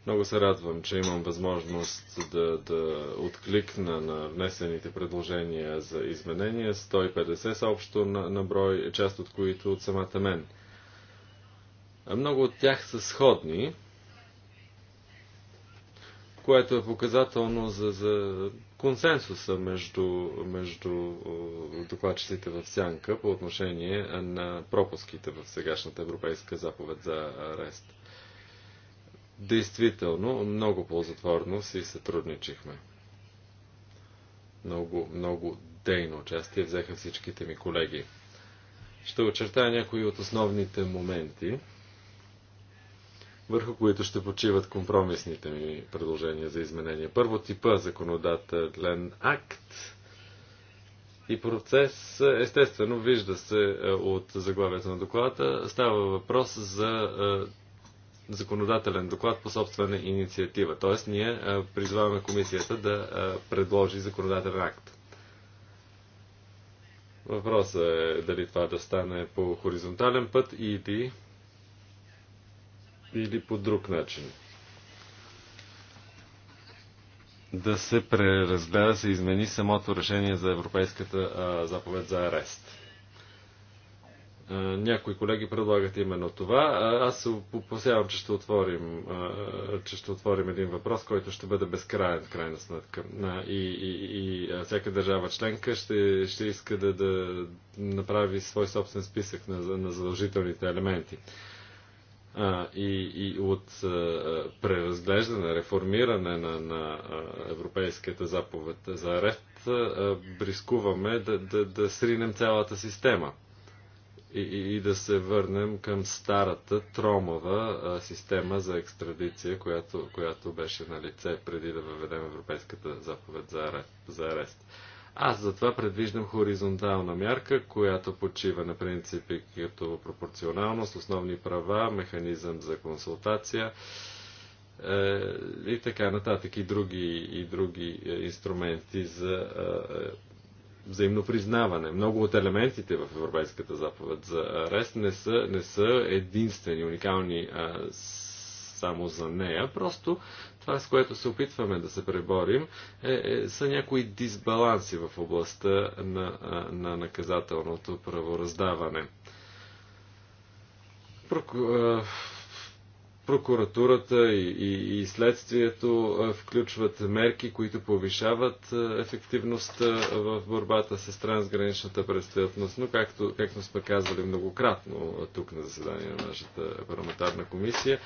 S2: Много се радвам, че имам възможност да, да откликна на внесените предложения за изменения. 150 са общо на, на брой, част от които от самата мен. Много от тях са сходни, което е показателно за, за консенсуса между, между докладчиците в Сянка по отношение на пропуските в сегашната европейска заповед за арест. Действително, много ползотворно си сътрудничихме. Много, много дейно участие взеха всичките ми колеги. Ще очертая някои от основните моменти, върху които ще почиват компромисните ми предложения за изменение. Първо типа законодателен акт и процес, естествено, вижда се е, от заглавието на доклада, става въпрос за е, законодателен доклад по собствена инициатива. Тоест, ние призваваме комисията да предложи законодателен акт. Въпросът е дали това да стане по хоризонтален път или, или по друг начин. Да се преразгледа, се измени самото решение за Европейската а, заповед за арест. Е, някои колеги предлагат именно това. Аз се опасявам, че ще отворим, е, че ще отворим един въпрос, който ще бъде безкрайен, в крайна сметка. И, и, и всяка държава членка ще, ще иска да, да направи свой собствен списък на, на задължителните елементи. А, и, и от а, преразглеждане, реформиране на, на Европейската заповед за арест, рискуваме да, да, да сринем цялата система и, и, и да се върнем към старата тромова а, система за екстрадиция, която, която беше на лице преди да въведем Европейската заповед за арест. За арест. Аз затова предвиждам хоризонтална мярка, която почива на принципи като пропорционалност, основни права, механизъм за консултация е, и така нататък и други, и други е, инструменти за е, взаимно признаване. Много от елементите в Европейската заповед за арест не са, не са единствени, уникални а, само за нея. Просто това, с което се опитваме да се преборим, е, е, са някои дисбаланси в областта на, а, на наказателното правораздаване прокуратурата и, и, и следствието включват мерки, които повишават ефективността в борбата с трансграничната престъпност, но както, както сме казвали многократно тук на заседание на нашата парламентарна комисия,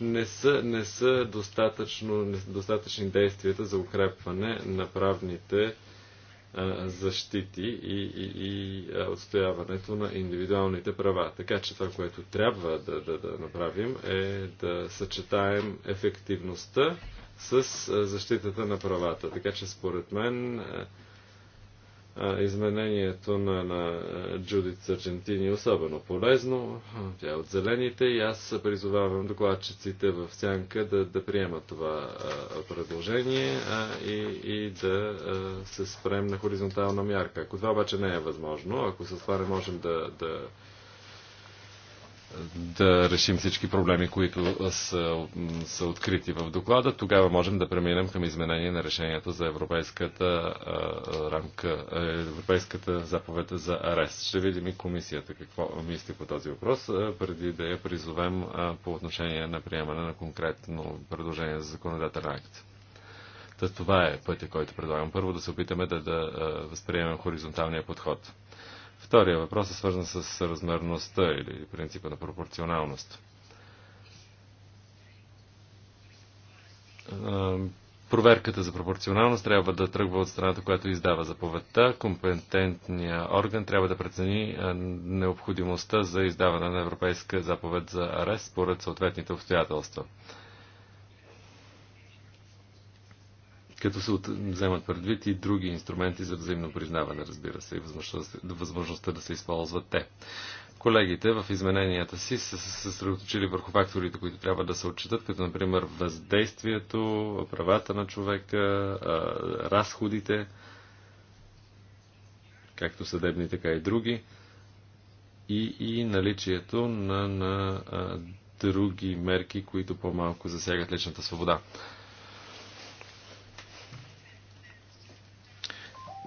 S2: не са, не са достатъчно, не са достатъчни действията за укрепване на правните защити и, и, и отстояването на индивидуалните права. Така че това, което трябва да, да, да направим е да съчетаем ефективността с защитата на правата. Така че според мен изменението на, на Джудит Сърчентини е особено полезно. Тя е от зелените и аз призовавам докладчиците в сянка да, да приемат това а, предложение а, и, и да а, се спрем на хоризонтална мярка. Ако това обаче не е възможно, ако с това не можем да, да да решим всички проблеми, които са, са открити в доклада, тогава можем да преминем към изменение на решението за европейската а, рамка, европейската заповед за арест. Ще видим и комисията какво мисли по този въпрос, а, преди да я призовем а, по отношение на приемане на конкретно предложение за законодателен акт. Та това е пътя, който предлагам. Първо да се опитаме да, да възприемем хоризонталния подход. Втория въпрос е свързан с размерността или принципа на пропорционалност. Проверката за пропорционалност трябва да тръгва от страната, която издава заповедта. Компетентният орган трябва да прецени необходимостта за издаване на европейска заповед за арест според съответните обстоятелства. като се вземат предвид и други инструменти за взаимно признаване, разбира се, и възможността, възможността да се използват те. Колегите в измененията си са се съсредоточили върху факторите, които трябва да се отчитат, като например въздействието, правата на човека, разходите, както съдебни, така и други, и, и наличието на, на а, други мерки, които по-малко засягат личната свобода.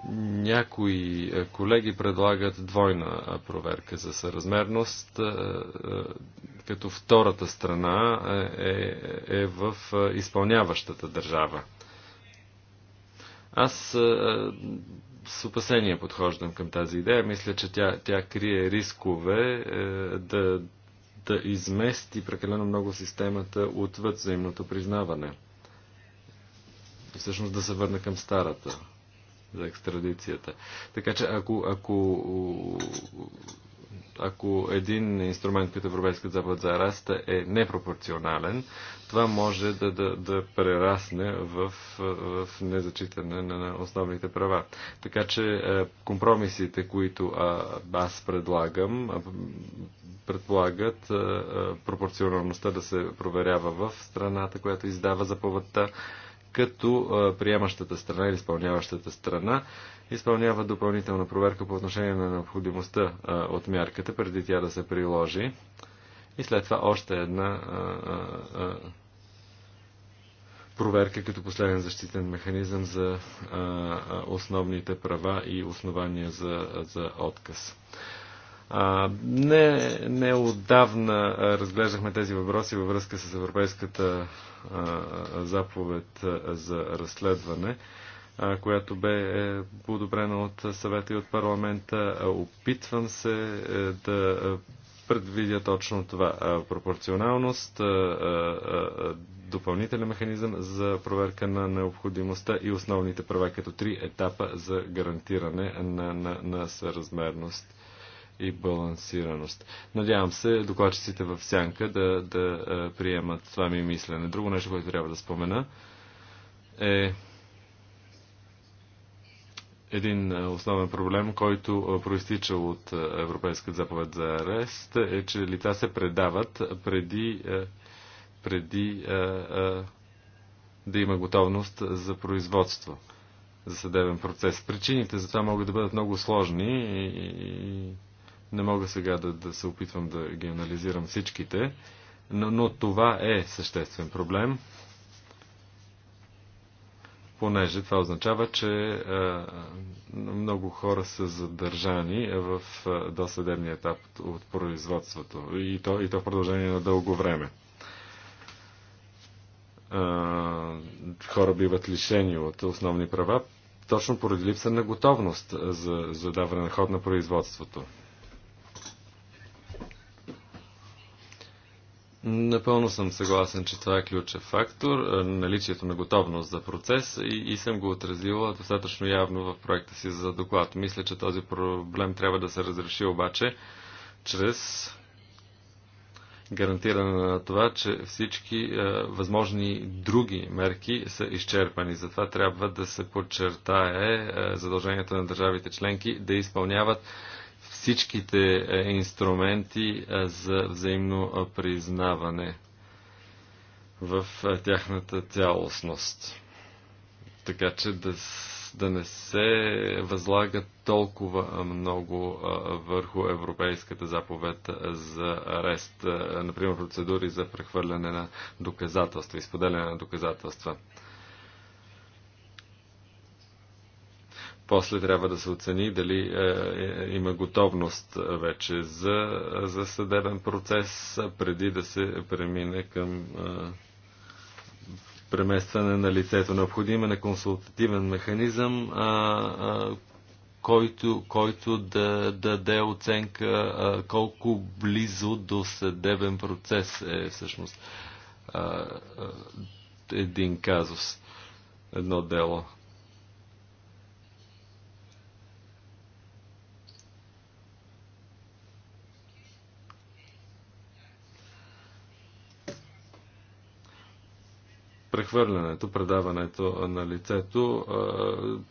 S2: Някои е, колеги предлагат двойна е, проверка за съразмерност, е, като втората страна е, е в изпълняващата държава. Аз с опасение подхождам към тази идея. Мисля, че тя, тя крие рискове да, да измести прекалено много системата отвъд взаимното признаване. И всъщност да се върна към старата за екстрадицията. Така че ако, ако, ако един инструмент като Европейската запад за арест е непропорционален, това може да, да, да прерасне в, в незачитане на основните права. Така че е, компромисите, които аз предлагам, предполагат е, е, пропорционалността да се проверява в страната, която издава заповедта като приемащата страна или изпълняващата страна изпълнява допълнителна проверка по отношение на необходимостта от мярката, преди тя да се приложи. И след това още една проверка като последен защитен механизъм за основните права и основания за, за отказ. А, не, не отдавна разглеждахме тези въпроси във връзка с Европейската а, заповед за разследване, а, която бе е, подобрена от съвета и от парламента. Опитвам се е, да предвидя точно това. Пропорционалност, допълнителен механизъм за проверка на необходимостта и основните права като три етапа за гарантиране на, на, на съразмерност и балансираност. Надявам се докладчиците в сянка да, да приемат това ми мислене. Друго нещо, което трябва да спомена е един основен проблем, който проистича от Европейската заповед за арест, е, че лица се предават преди, преди да има готовност за производство, за съдебен процес. Причините за това могат да бъдат много сложни и, и, не мога сега да, да се опитвам да ги анализирам всичките, но, но това е съществен проблем, понеже това означава, че а, много хора са задържани в а, досъдебния етап от производството и то, и то в продължение на дълго време хора биват лишени от основни права, точно поради липса на готовност за, за даване на ход на производството. Напълно съм съгласен, че това е ключов фактор, е, наличието на готовност за процес и, и съм го отразила достатъчно явно в проекта си за доклад. Мисля, че този проблем трябва да се разреши обаче чрез гарантиране на това, че всички е, възможни други мерки са изчерпани. Затова трябва да се подчертае е, задължението на държавите членки да изпълняват всичките е, инструменти е, за взаимно е, признаване в тяхната цялостност. Така че да, да не се възлага толкова много върху Европейската заповед за арест, например процедури за прехвърляне на доказателства, изподеляне на доказателства. После трябва да се оцени дали е, е, има готовност вече за, за съдебен процес, преди да се премине към е, преместване на лицето. Необходим е на консултативен механизъм, а, е, а, е, който, който да, да даде оценка а, колко близо до съдебен процес е всъщност а, а, един казус, едно дело. прехвърлянето, предаването на лицето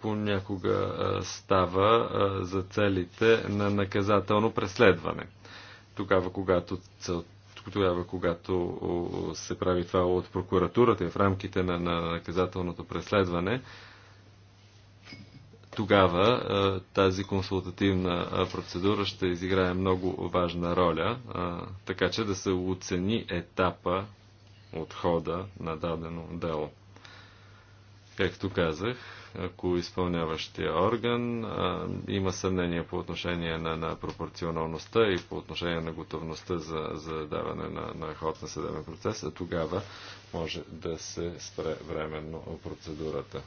S2: понякога става за целите на наказателно преследване. Тогава, когато цел тогава, когато се прави това от прокуратурата и в рамките на, на наказателното преследване, тогава тази консултативна процедура ще изиграе много важна роля, така че да се оцени етапа от хода на дадено дело. Както казах, ако изпълняващия орган а, има съмнение по отношение на, на пропорционалността и по отношение на готовността за, за даване на, на ход на съдебен процес, а тогава може да се спре временно процедурата.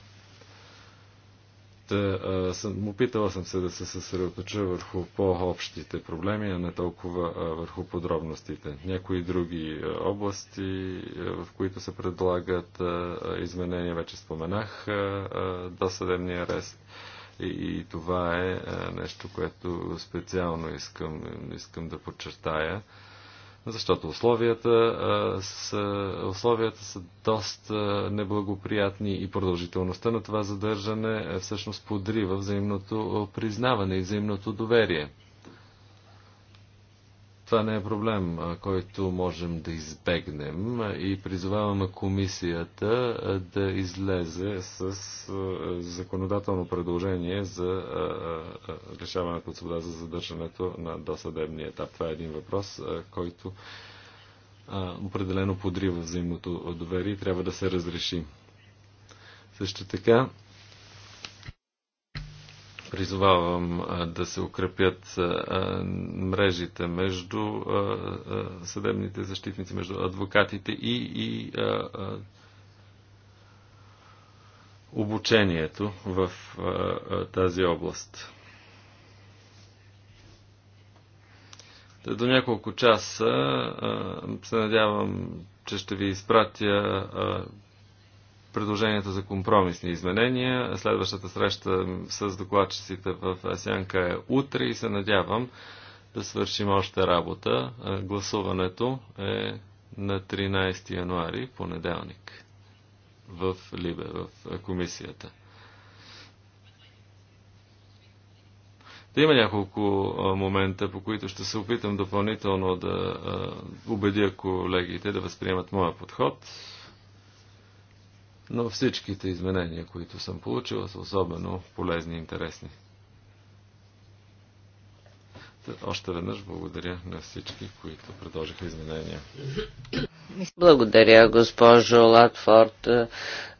S2: Та, е, е, съм, опитала съм се да се съсредоточа върху по-общите проблеми, а не толкова а, е, върху подробностите. Някои други а, области, а, в които се предлагат а, изменения, вече споменах, а, а, досъдебния арест. И, и това е а, нещо, което специално искам, искам да подчертая защото условията са, условията са доста неблагоприятни и продължителността на това задържане всъщност подрива взаимното признаване и взаимното доверие. Това не е проблем, който можем да избегнем и призоваваме комисията да излезе с законодателно предложение за решаването от свобода за задържането на досъдебния етап. Това е един въпрос, който определено подрива взаимното доверие и трябва да се разреши. Също така, призовавам да се укрепят мрежите между съдебните защитници, между адвокатите и, и обучението в тази област. До няколко часа се надявам, че ще ви изпратя предложенията за компромисни изменения. Следващата среща с докладчиците в Сянка е утре и се надявам да свършим още работа. Гласуването е на 13 януари, понеделник, в Либе, в комисията. Да има няколко момента, по които ще се опитам допълнително да убедя колегите да възприемат моя подход но всичките изменения, които съм получила, са особено полезни и интересни. Още веднъж благодаря на всички, които предложиха изменения.
S3: Благодаря, госпожо Латфорд. Е,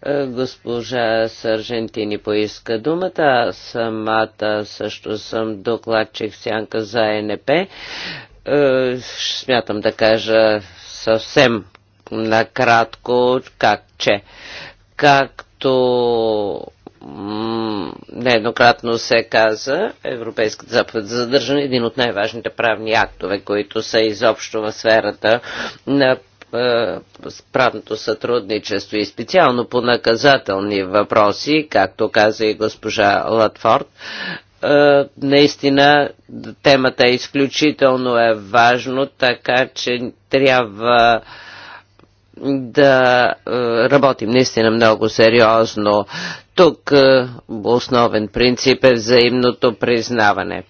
S3: е, госпожа Сържентини поиска думата. Аз самата също съм докладчик сянка за НП. Е, смятам да кажа съвсем накратко, как че Както нееднократно се каза, Европейската заповед за задържане е един от най-важните правни актове, които са изобщо в сферата на е, правното сътрудничество и специално по наказателни въпроси, както каза и госпожа Латфорд, е, наистина темата е изключително е важно, така че трябва да е, работим наистина много сериозно. Тук е, основен принцип е взаимното признаване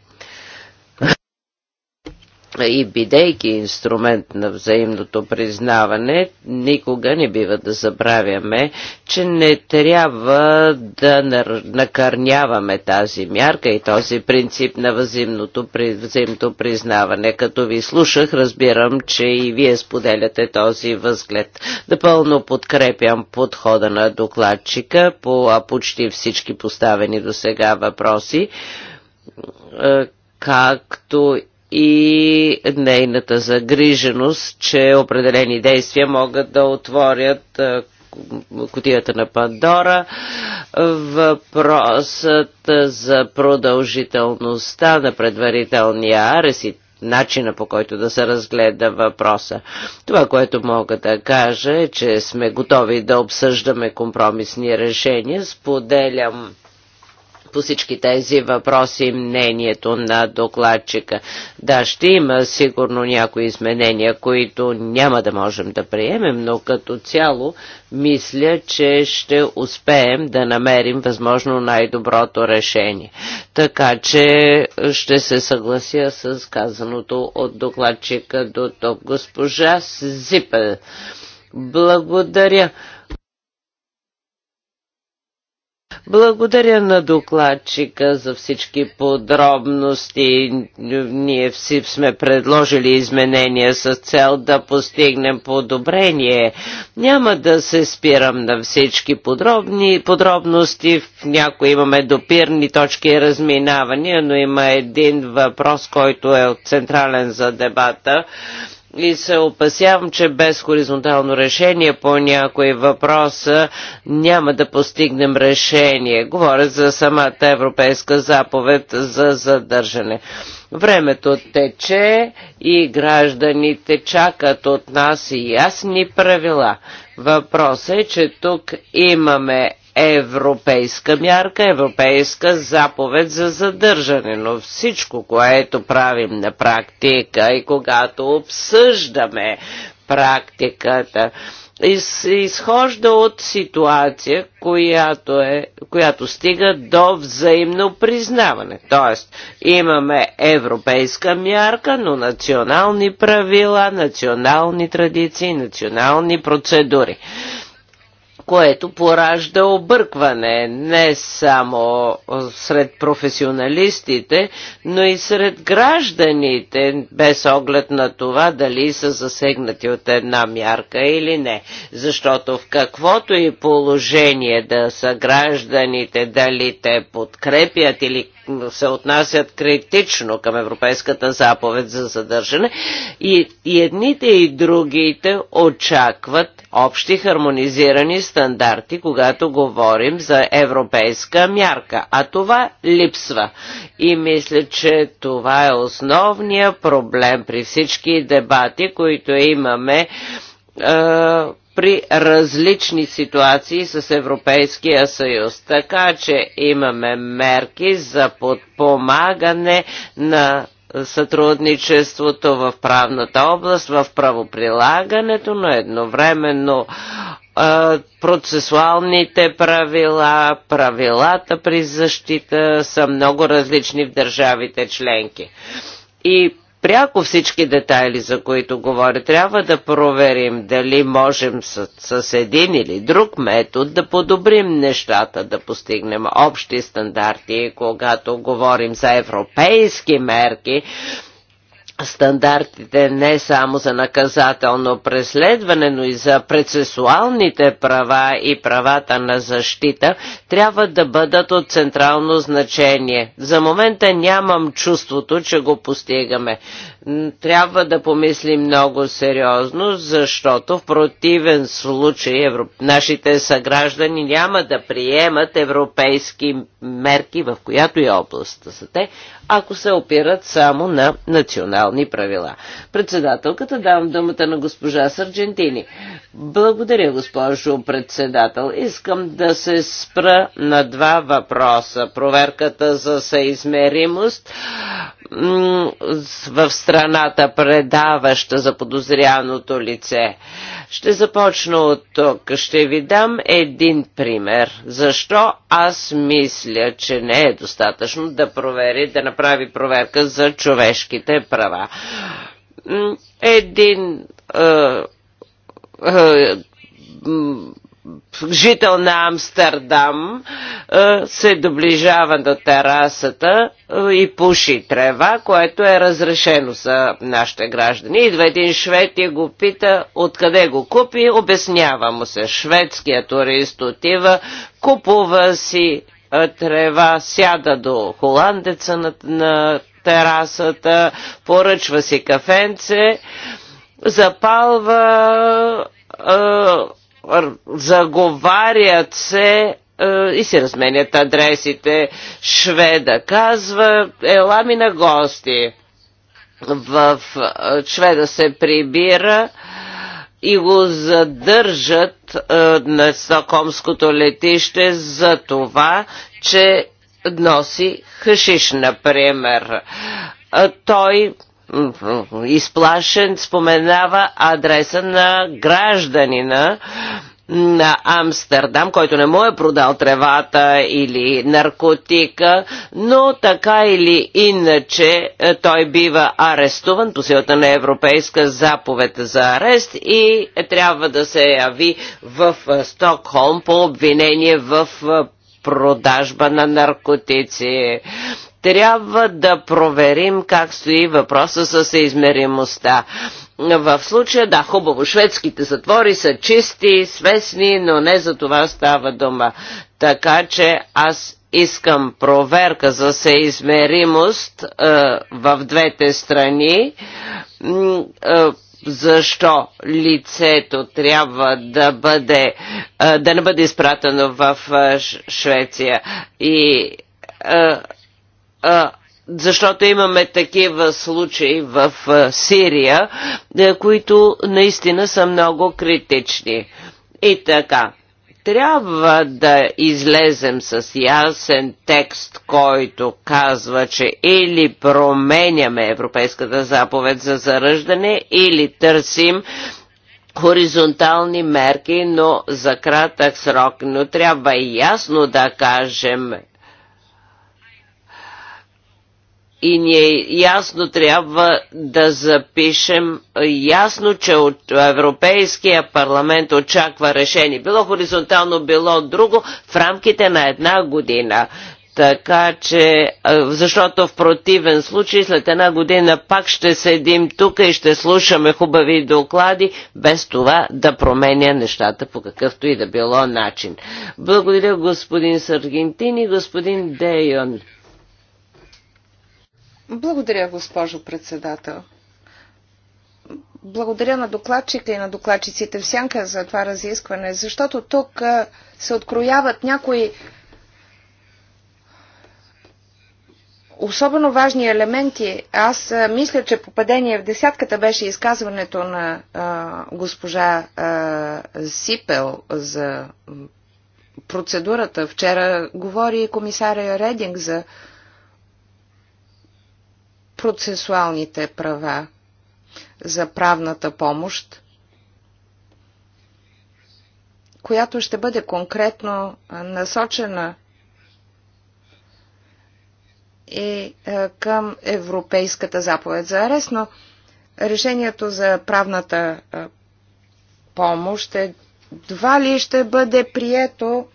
S3: и бидейки инструмент на взаимното признаване, никога не бива да забравяме, че не трябва да накърняваме тази мярка и този принцип на взаимното, взаимното признаване. Като ви слушах, разбирам, че и вие споделяте този възглед. Напълно подкрепям подхода на докладчика по почти всички поставени до сега въпроси е, както и нейната загриженост, че определени действия могат да отворят е, котията на Пандора, въпросът за продължителността на предварителния арест начина по който да се разгледа въпроса. Това, което мога да кажа е, че сме готови да обсъждаме компромисни решения. Споделям по всички тези въпроси мнението на докладчика. Да, ще има сигурно някои изменения, които няма да можем да приемем, но като цяло мисля, че ще успеем да намерим възможно най-доброто решение. Така че ще се съглася с казаното от докладчика до тук. Госпожа Зипел. Благодаря. Благодаря на докладчика за всички подробности. Ние все сме предложили изменения с цел да постигнем подобрение. Няма да се спирам на всички подробни подробности. В някои имаме допирни точки и разминавания, но има един въпрос, който е централен за дебата и се опасявам, че без хоризонтално решение по някои въпроса няма да постигнем решение. Говоря за самата европейска заповед за задържане. Времето тече и гражданите чакат от нас ясни правила. Въпросът е, че тук имаме европейска мярка, европейска заповед за задържане, но всичко, което правим на практика и когато обсъждаме практиката, из, изхожда от ситуация, която, е, която стига до взаимно признаване. Тоест, имаме европейска мярка, но национални правила, национални традиции, национални процедури което поражда объркване не само сред професионалистите, но и сред гражданите, без оглед на това дали са засегнати от една мярка или не. Защото в каквото и положение да са гражданите, дали те подкрепят или се отнасят критично към Европейската заповед за задържане и, и едните и другите очакват общи хармонизирани стандарти, когато говорим за европейска мярка. А това липсва. И мисля, че това е основният проблем при всички дебати, които имаме е, при различни ситуации с Европейския съюз. Така че имаме мерки за подпомагане на сътрудничеството в правната област, в правоприлагането, но едновременно процесуалните правила, правилата при защита са много различни в държавите членки. И пряко всички детайли, за които говоря. Трябва да проверим дали можем с, с един или друг метод да подобрим нещата, да постигнем общи стандарти, когато говорим за европейски мерки стандартите не само за наказателно преследване, но и за процесуалните права и правата на защита трябва да бъдат от централно значение. За момента нямам чувството, че го постигаме. Трябва да помислим много сериозно, защото в противен случай европ... нашите съграждани няма да приемат европейски мерки в която и област са те, ако се опират само на национални правила. Председателката давам думата на госпожа Сарджентини. Благодаря, госпожо председател. Искам да се спра на два въпроса. Проверката за съизмеримост в страната предаваща за подозряното лице. Ще започна от тук. Ще ви дам един пример. Защо аз мисля, че не е достатъчно да провери, да направи проверка за човешките права. Един е, е, жител на Амстердам се доближава до терасата и пуши трева, което е разрешено за нашите граждани. Идва един швед и го пита откъде го купи. Обяснява му се. Шведският турист отива, купува си е, трева, сяда до холандеца на, на терасата, поръчва си кафенце, запалва, е, заговарят се е, и си разменят адресите. Шведа казва, ела ми на гости. В е, Шведа се прибира и го задържат а, е, на Стокомското летище за това, че носи хашиш, например. Е, той изплашен споменава адреса на гражданина на Амстердам, който не му е продал тревата или наркотика, но така или иначе е, той бива арестуван по силата на европейска заповед за арест и трябва да се яви в е, Стокхолм по обвинение в е, продажба на наркотици трябва да проверим как стои въпроса с измеримостта. В случая, да, хубаво, шведските затвори са чисти, свестни, но не за това става дума. Така че аз искам проверка за съизмеримост е, в двете страни. Е, защо лицето трябва да бъде, е, да не бъде изпратено в е, Швеция. И е, е, защото имаме такива случаи в Сирия, които наистина са много критични. И така, трябва да излезем с ясен текст, който казва, че или променяме Европейската заповед за зараждане, или търсим хоризонтални мерки, но за кратък срок. Но трябва ясно да кажем и ние ясно трябва да запишем ясно, че от Европейския парламент очаква решение, било хоризонтално, било друго, в рамките на една година. Така че, защото в противен случай след една година пак ще седим тук и ще слушаме хубави доклади, без това да променя нещата по какъвто и да било начин. Благодаря господин Саргентини, господин Дейон.
S4: Благодаря, госпожо председател. Благодаря на докладчика и на докладчиците в сянка за това разискване, защото тук се открояват някои особено важни елементи. Аз мисля, че попадение в десятката беше изказването на а, госпожа а, Сипел за процедурата. Вчера говори комисаря Рединг за процесуалните права, за правната помощ, която ще бъде конкретно насочена и към Европейската заповед за арест, но решението за правната помощ едва ли ще бъде прието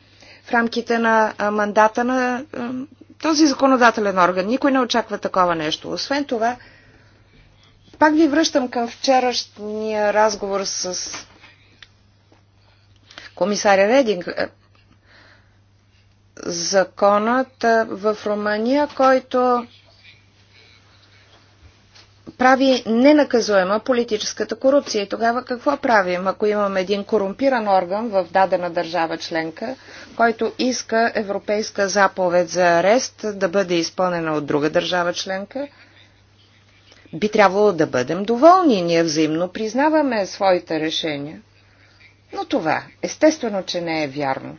S4: в рамките на мандата на този законодателен орган. Никой не очаква такова нещо. Освен това, пак ви връщам към вчерашния разговор с комисаря Рединг. Е, законът е, в Румъния, който прави ненаказуема политическата корупция. И тогава какво правим, ако имам един корумпиран орган в дадена държава членка, който иска европейска заповед за арест да бъде изпълнена от друга държава членка? Би трябвало да бъдем доволни. Ние взаимно признаваме своите решения. Но това, естествено, че не е вярно.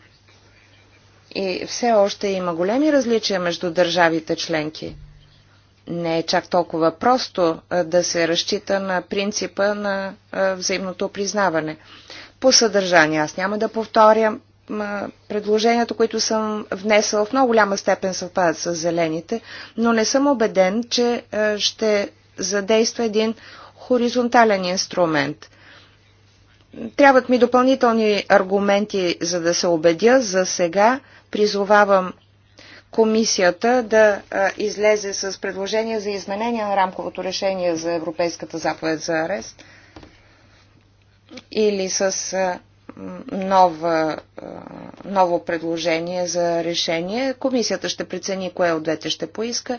S4: И все още има големи различия между държавите членки – не е чак толкова просто да се разчита на принципа на взаимното признаване. По съдържание аз няма да повторя предложението, които съм внесъл в много голяма степен съвпадат с зелените, но не съм убеден, че ще задейства един хоризонтален инструмент. Трябват ми допълнителни аргументи, за да се убедя. За сега призовавам комисията да излезе с предложение за изменение на рамковото решение за Европейската заповед за арест или с нова, ново предложение за решение. Комисията ще прецени кое от двете ще поиска.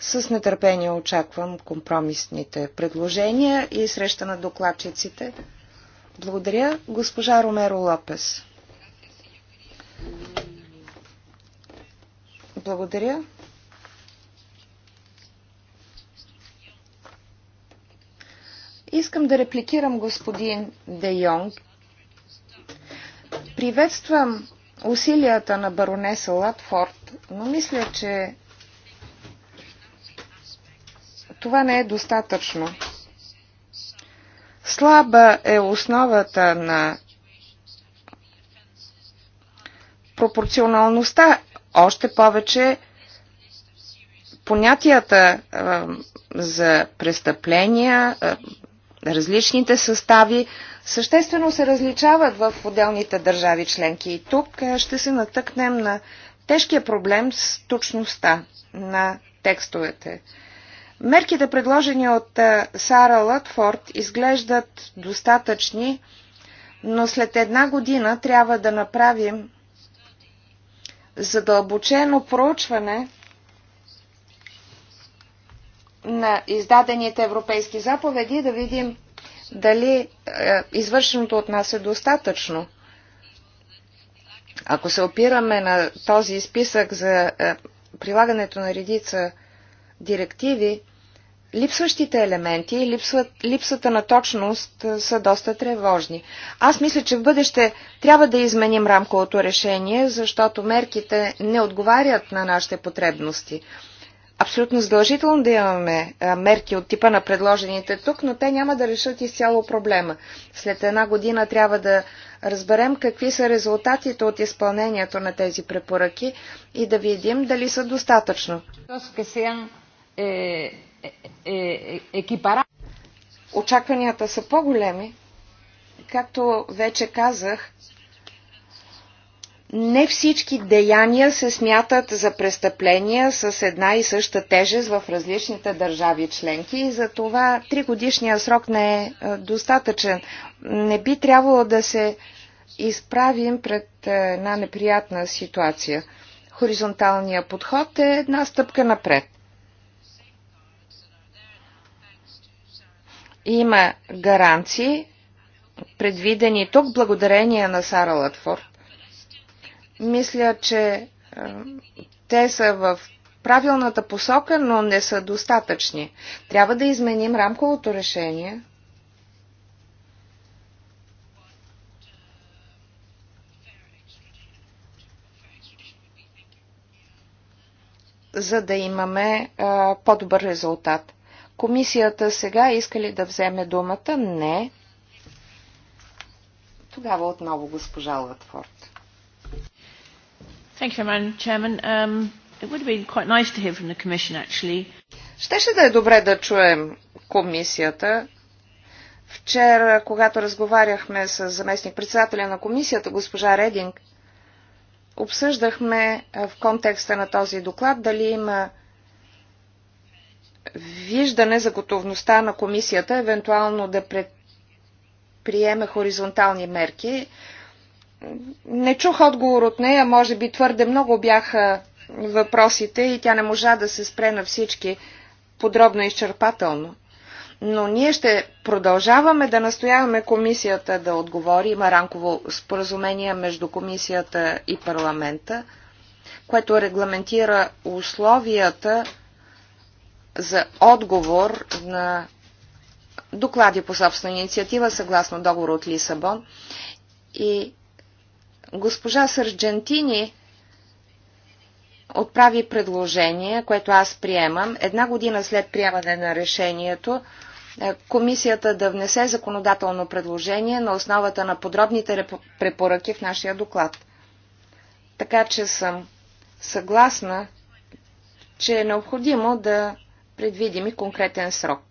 S4: С нетърпение очаквам компромисните предложения и среща на докладчиците. Благодаря. Госпожа Ромеро Лопес. Благодаря. Искам да репликирам господин Де Йонг. Приветствам усилията на баронеса Латфорд, но мисля, че това не е достатъчно. Слаба е основата на пропорционалността още повече понятията а, е, за престъпления, а, е, различните състави съществено се различават в отделните държави членки. И тук е, ще се натъкнем на тежкия проблем с точността на текстовете. Мерките, предложени от Сара Лътфорд, изглеждат достатъчни, но след една година трябва да направим задълбочено проучване на издадените европейски заповеди да видим дали е, извършеното от нас е достатъчно. Ако се опираме на този списък за е, прилагането на редица директиви, Липсващите елементи и липсата на точност са доста тревожни. Аз мисля, че в бъдеще трябва да изменим рамковото решение, защото мерките не отговарят на нашите потребности. Абсолютно задължително да имаме мерки от типа на предложените тук, но те няма да решат изцяло проблема. След една година трябва да разберем какви са резултатите от изпълнението на тези препоръки и да видим дали са достатъчно. Е, е, екипара. Очакванията са по-големи. Както вече казах, не всички деяния се смятат за престъпления с една и съща тежест в различните държави членки и за това тригодишния срок не е, е достатъчен. Не би трябвало да се изправим пред една неприятна ситуация. Хоризонталният подход е една стъпка напред. Има гаранции, предвидени тук, благодарение на Сара Латфорд. Мисля, че е, те са в правилната посока, но не са достатъчни. Трябва да изменим рамковото решение. за да имаме е, по-добър резултат. Комисията сега иска ли да вземе думата? Не. Тогава отново госпожа Латфорд. Um, Щеше да е добре да чуем комисията. Вчера, когато разговаряхме с заместник-председателя на комисията, госпожа Рединг, обсъждахме в контекста на този доклад дали има виждане за готовността на комисията евентуално да предприеме хоризонтални мерки. Не чух отговор от нея, може би твърде много бяха въпросите и тя не можа да се спре на всички подробно и изчерпателно. Но ние ще продължаваме да настояваме комисията да отговори. Има ранково споразумение между комисията и парламента, което регламентира условията за отговор на доклади по собствена инициатива съгласно договор от Лисабон. И госпожа Сърджентини отправи предложение, което аз приемам, една година след приемане на решението, е, комисията да внесе законодателно предложение на основата на подробните препоръки в нашия доклад. Така че съм съгласна, че е необходимо да предвидим и конкретен срок.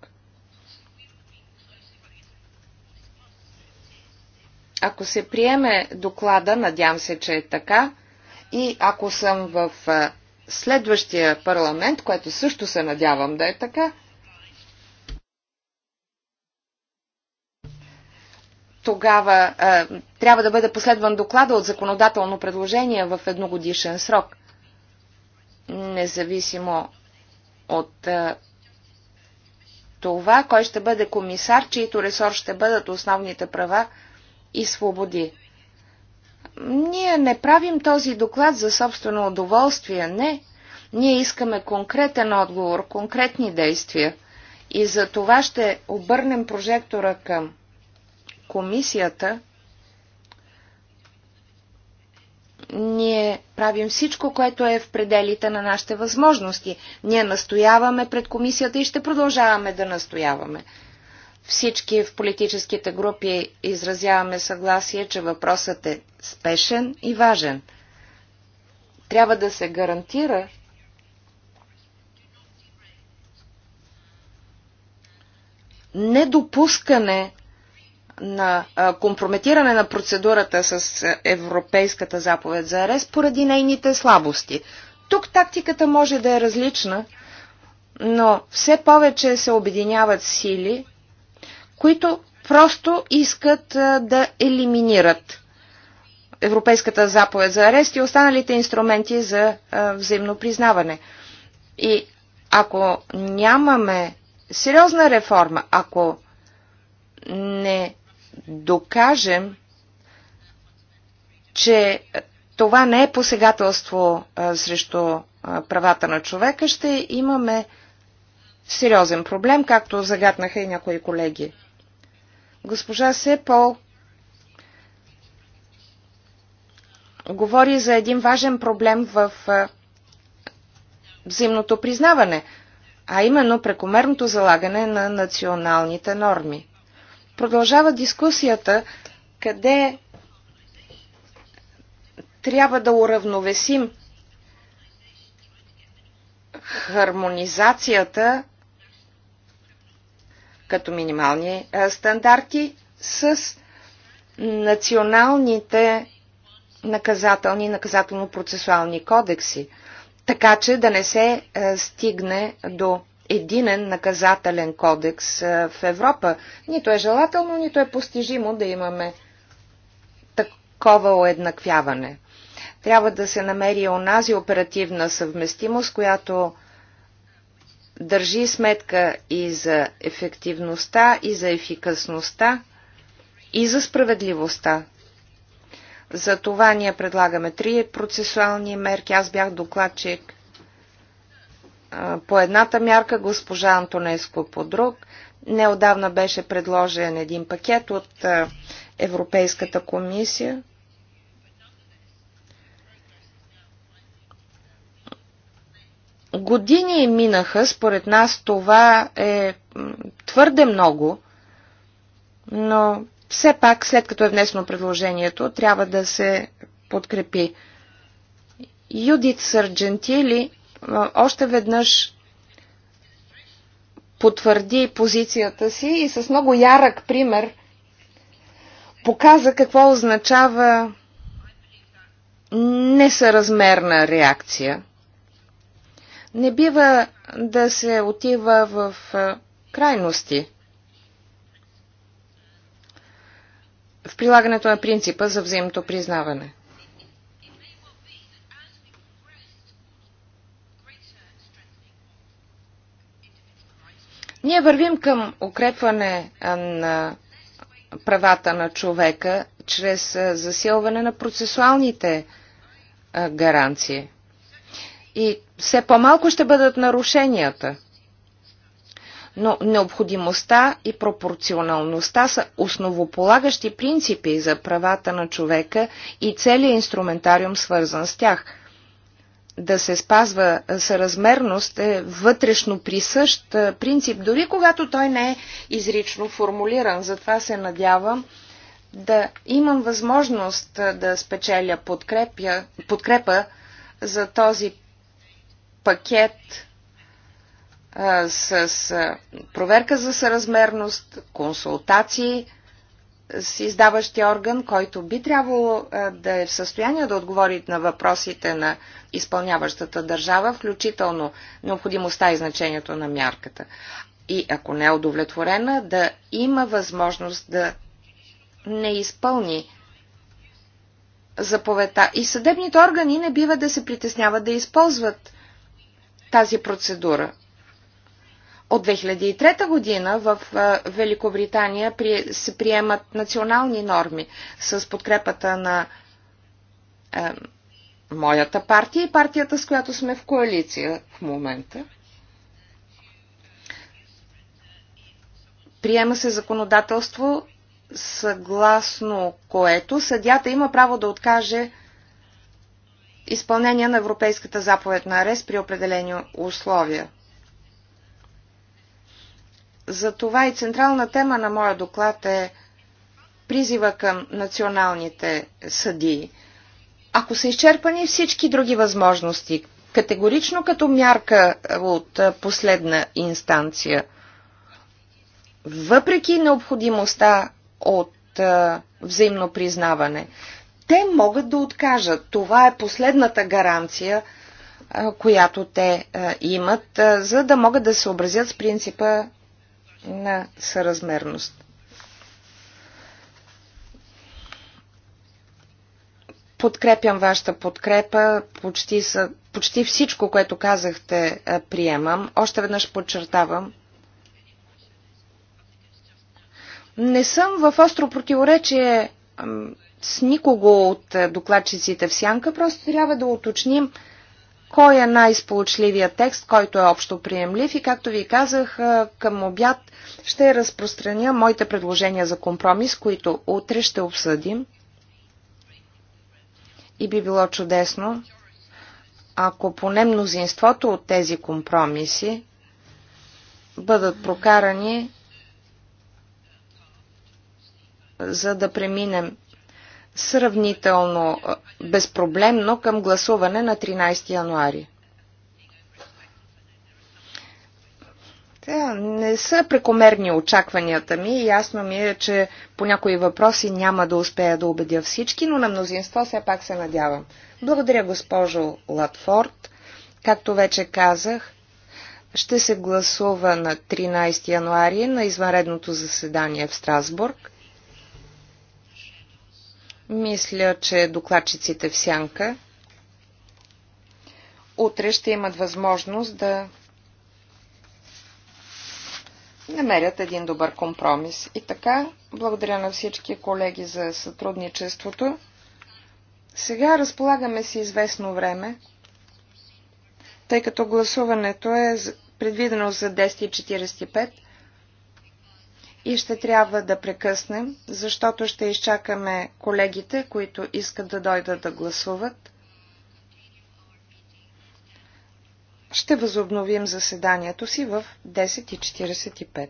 S4: Ако се приеме доклада, надявам се, че е така, и ако съм в следващия парламент, което също се надявам да е така, тогава е, трябва да бъде последван доклада от законодателно предложение в едногодишен срок. Независимо от е, това, кой ще бъде комисар, чието ресор ще бъдат основните права и свободи. Ние не правим този доклад за собствено удоволствие, не. Ние искаме конкретен отговор, конкретни действия. И за това ще обърнем прожектора към комисията Ние правим всичко, което е в пределите на нашите възможности. Ние настояваме пред комисията и ще продължаваме да настояваме. Всички в политическите групи изразяваме съгласие, че въпросът е спешен и важен. Трябва да се гарантира, недопускане на компрометиране на процедурата с Европейската заповед за арест поради нейните слабости. Тук тактиката може да е различна, но все повече се обединяват сили, които просто искат да елиминират Европейската заповед за арест и останалите инструменти за взаимно признаване. И ако нямаме сериозна реформа, ако не докажем, че това не е посегателство а, срещу а, правата на човека, ще имаме сериозен проблем, както загаднаха и някои колеги. Госпожа Сепол говори за един важен проблем в а, взаимното признаване, а именно прекомерното залагане на националните норми. Продължава дискусията къде трябва да уравновесим хармонизацията като минимални стандарти с националните наказателни и наказателно-процесуални кодекси, така че да не се стигне до единен наказателен кодекс в Европа. Нито е желателно, нито е постижимо да имаме такова уеднаквяване. Трябва да се намери онази оперативна съвместимост, която държи сметка и за ефективността, и за ефикасността, и за справедливостта. За това ние предлагаме три процесуални мерки. Аз бях докладчик по едната мярка, госпожа Антонеско по друг. Неодавна беше предложен един пакет от Европейската комисия. Години минаха, според нас това е твърде много, но все пак, след като е внесено предложението, трябва да се подкрепи. Юдит Сърджентили още веднъж потвърди позицията си и с много ярък пример показа какво означава несъразмерна реакция. Не бива да се отива в крайности в прилагането на принципа за взаимното признаване. Ние вървим към укрепване на правата на човека чрез засилване на процесуалните гаранции. И все по-малко ще бъдат нарушенията. Но необходимостта и пропорционалността са основополагащи принципи за правата на човека и целият инструментариум свързан с тях да се спазва съразмерност е вътрешно присъщ е, принцип, дори когато той не е изрично формулиран. Затова се надявам да имам възможност е, да спечеля подкрепя, подкрепа за този пакет а, е, с а, проверка за съразмерност, консултации, с издаващия орган, който би трябвало да е в състояние да отговори на въпросите на изпълняващата държава, включително необходимостта и значението на мярката. И ако не е удовлетворена, да има възможност да не изпълни заповедта. И съдебните органи не бива да се притесняват да използват тази процедура. От 2003 година в Великобритания се приемат национални норми с подкрепата на е, моята партия и партията, с която сме в коалиция в момента. Приема се законодателство, съгласно което съдята има право да откаже изпълнение на Европейската заповед на арест при определени условия. Затова и централна тема на моя доклад е призива към националните съдии. Ако са изчерпани всички други възможности, категорично като мярка от последна инстанция, въпреки необходимостта от взаимно признаване, те могат да откажат. Това е последната гаранция, която те имат, за да могат да се образят с принципа на съразмерност. Подкрепям вашата подкрепа. Почти, са, почти всичко, което казахте, е, приемам. Още веднъж подчертавам. Не съм в остро противоречие с никого от е, докладчиците в сянка, просто трябва да уточним кой е най-сполучливия текст, който е общо приемлив и както ви казах, към обяд ще разпространя моите предложения за компромис, които утре ще обсъдим. И би било чудесно, ако поне мнозинството от тези компромиси бъдат прокарани, за да преминем сравнително безпроблемно към гласуване на 13 януари. Те не са прекомерни очакванията ми. Ясно ми е, че по някои въпроси няма да успея да убедя всички, но на мнозинство все пак се надявам. Благодаря, госпожо Латфорд. Както вече казах, ще се гласува на 13 януари на извънредното заседание в Страсбург. Мисля, че докладчиците в сянка утре ще имат възможност да намерят един добър компромис. И така, благодаря на всички колеги за сътрудничеството. Сега разполагаме си известно време, тъй като гласуването е предвидено за 10.45 и ще трябва да прекъснем, защото ще изчакаме колегите, които искат да дойдат да гласуват. Ще възобновим заседанието си в 10.45.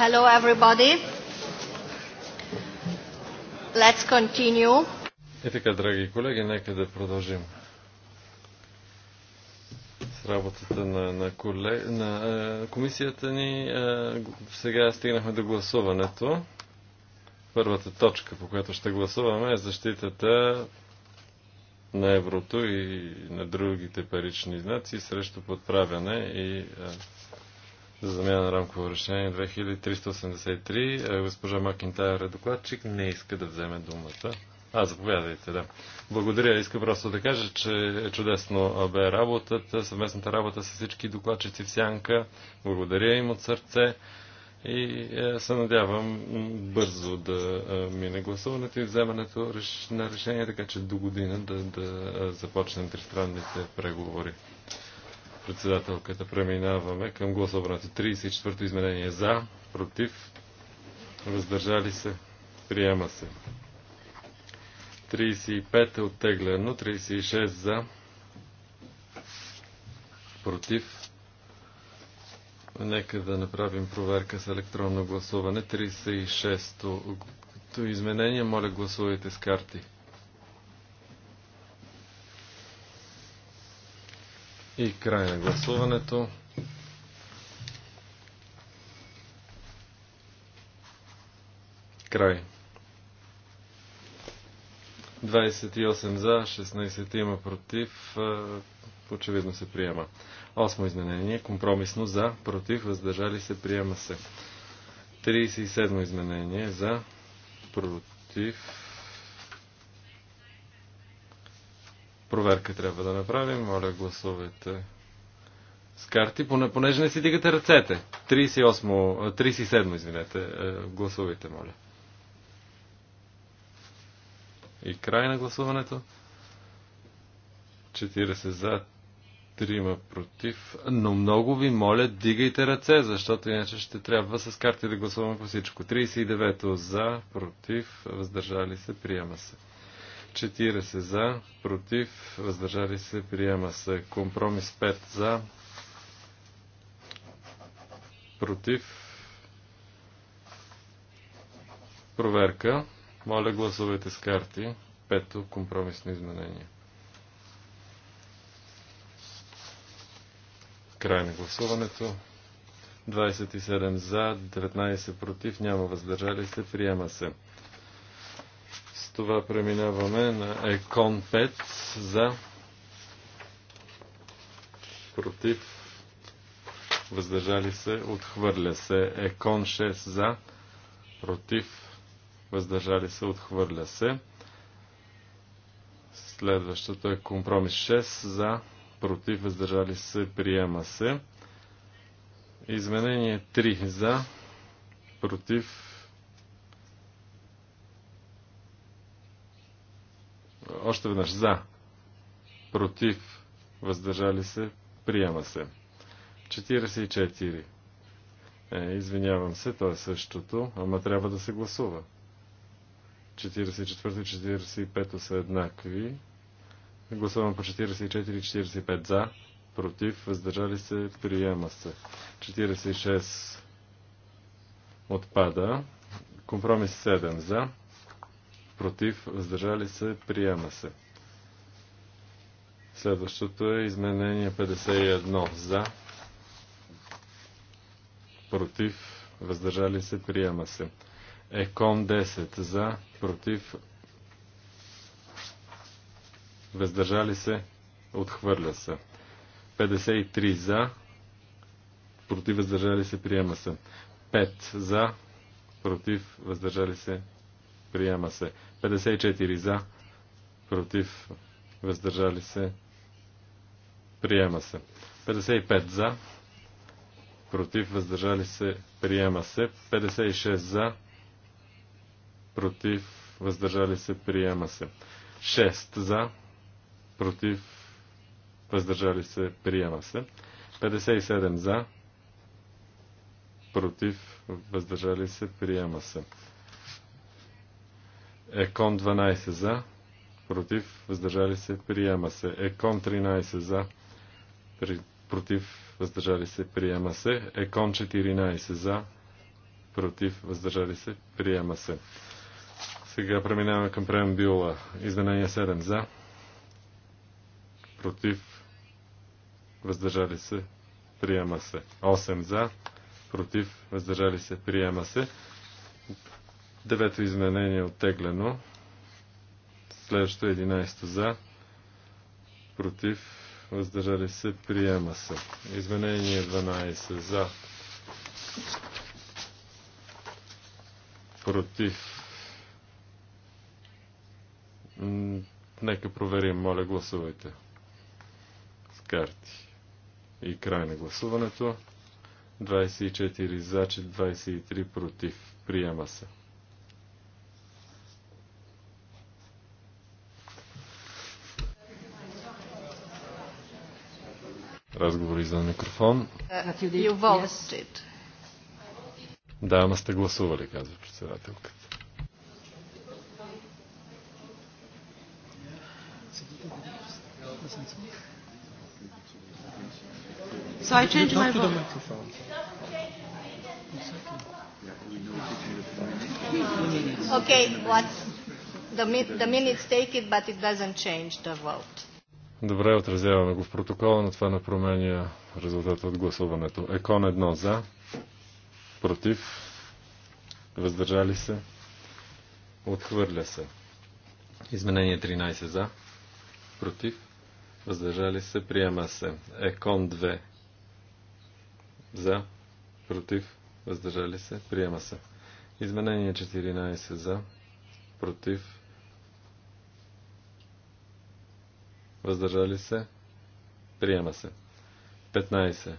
S1: Hello everybody. Let's continue.
S2: И е, така, драги колеги, нека да продължим с работата на, на, колег, на е, комисията ни. Е, сега стигнахме до гласуването. Първата точка, по която ще гласуваме е защитата на еврото и на другите парични знаци срещу подправяне и е, за замяна на рамково решение 2383. Е, госпожа Макинтайр е докладчик, не иска да вземе думата. А, заповядайте, да. Благодаря. Иска просто да кажа, че е чудесно бе работата, съвместната работа с всички докладчици в Сянка. Благодаря им от сърце. И е, се надявам бързо да е, мине гласуването и вземането на решение, така че до година да, да започнем тристранните преговори председателката. Преминаваме към гласуването. 34-то изменение за, против, въздържали се, приема се. 35 е оттеглено, 36 за, против. Нека да направим проверка с електронно гласуване. 36-то изменение, моля гласувайте с карти. И край на гласуването. Край. 28 за, 16 има против. Очевидно се приема. Осмо изменение. Компромисно за, против, въздържали се, приема се. 37 изменение за, против, Проверка трябва да направим. Моля, гласувайте с карти, понеже не си дигате ръцете. 38, 37, извинете, е, гласувайте, моля. И край на гласуването. 40 за, 3 против. Но много ви моля, дигайте ръце, защото иначе ще трябва с карти да гласуваме по всичко. 39 за, против, въздържали се, приема се. 40 за, против, въздържали се, приема се. Компромис 5 за, против, проверка. Моля, гласувайте с карти. Пето компромисно изменение. Край на гласуването. 27 за, 19 против, няма въздържали се, приема се това преминаваме на Екон 5 за против въздържали се, отхвърля се. Екон 6 за против въздържали се, отхвърля се. Следващото е компромис 6 за против въздържали се, приема се. Изменение 3 за против Още веднъж за. Против. Въздържали се. Приема се. 44. Е, извинявам се, то е същото, ама трябва да се гласува. 44 и 45 са еднакви. Гласувам по 44 45 за, против, въздържали се, приема се. 46 отпада. Компромис 7 за, против, въздържали се, приема се. Следващото е изменение 51 за, против, въздържали се, приема се. Екон 10 за, против, въздържали се, отхвърля се. 53 за, против, въздържали се, приема се. 5 за, против, въздържали се, приема се. 54 за, против, въздържали се, приема се. 55 за, против, въздържали се, приема се. 56 за, против, въздържали се, приема се. 6 за, против, въздържали се, приема се. 57 за, против, въздържали се, приема се. Екон 12 за, против, въздържали се, приема се. Екон 13 за, при, против, въздържали се, приема се. Екон 14 за, против, въздържали се, приема се. Сега преминаваме към преамбюла. Изменение 7 за, против, въздържали се, приема се. 8 за, против, въздържали се, приема се. Девето изменение е оттеглено. Следващо 11 е за. Против. Въздържали се. Приема се. Изменение 12 за. Против. Нека проверим. Моля, гласувайте. С карти. И край на гласуването. 24 за, 23 против. Приема се. разговори за микрофон. Да, ама сте гласували, казва председателката.
S1: So I change my vote. Okay, what the, the minutes take it, but it doesn't change the vote.
S2: Добре, отразяваме го в протокола, но това не променя резултата от гласуването. Екон едно за, против, въздържали се, отхвърля се. Изменение 13 за, против, въздържали се, приема се. Екон 2 за, против, въздържали се, приема се. Изменение 14 за, против, Въздържали се. Приема се. 15.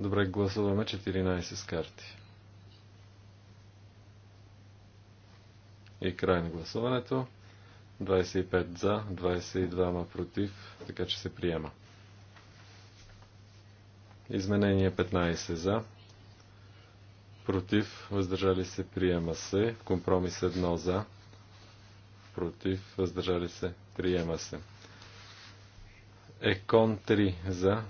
S2: Добре, гласуваме 14 с карти. И край на гласуването. 25 за, 22 ма против, така че се приема. Изменение 15 за, против, въздържали се, приема се. Компромис 1 за, против, въздържали се, приема се. Екон 3 за,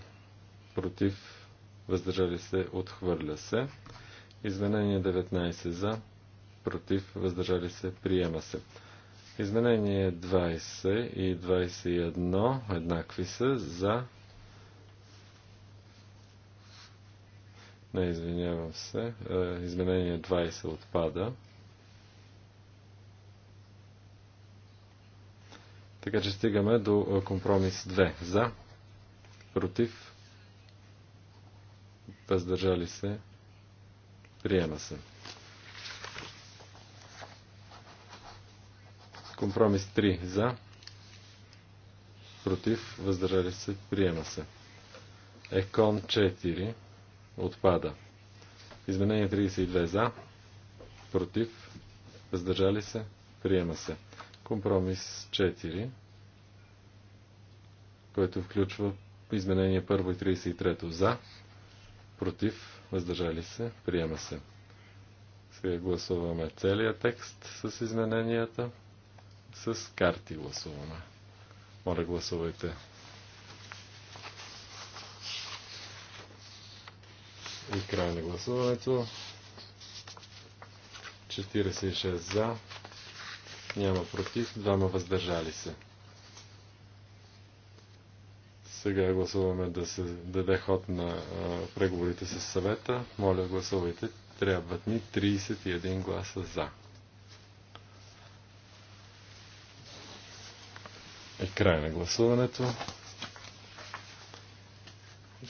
S2: против, въздържали се, отхвърля се. Изменение 19 за, против, въздържали се, приема се. Изменение 20 и 21 еднакви са за. Не, извинявам се. Е, изменение 20 отпада. Така че стигаме до компромис 2. За, против, въздържали се, приема се. Компромис 3. За, против, въздържали се, приема се. Екон 4 отпада. Изменение 32 за, против, въздържали се, приема се. Компромис 4, което включва изменение 1 и 33 за, против, въздържали се, приема се. Сега гласуваме целият текст с измененията. С карти гласуваме. Моля, гласувайте. И край на гласуването. 46 за, няма против, двама въздържали се. Сега гласуваме да се даде ход на а, преговорите с съвета. Моля, гласувайте. Трябват ни 31 гласа за. Е край на гласуването.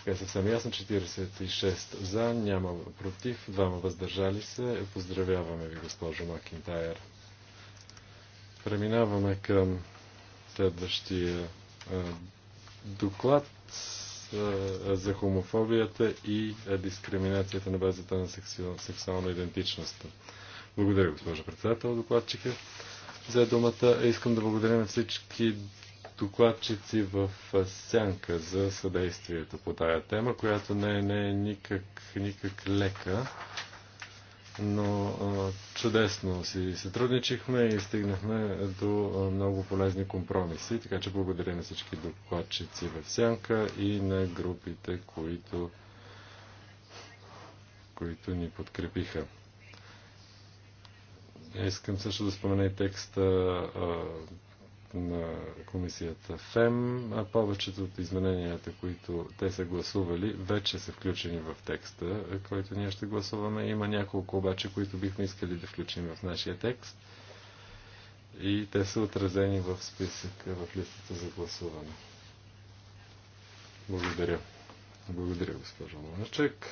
S2: Така съвсем ясно, 46 за, няма против, двама въздържали се. Поздравяваме ви, госпожо Макинтайер. Преминаваме към следващия доклад за хомофобията и дискриминацията на базата на сексу... сексуална идентичност. Благодаря, госпожа председател, докладчика. За думата искам да благодаря на всички докладчици в сянка за съдействието по тая тема, която не е, не е никак, никак лека но чудесно си сътрудничихме и стигнахме до много полезни компромиси, така че благодаря на всички докладчици в Сянка и на групите, които, които ни подкрепиха. Искам също да спомена и текста на комисията ФЕМ, а повечето от измененията, които те са гласували, вече са включени в текста, който ние ще гласуваме. Има няколко обаче, които бихме искали да включим в нашия текст. И те са отразени в списъка, в листата за гласуване. Благодаря. Благодаря, госпожо Лунечек.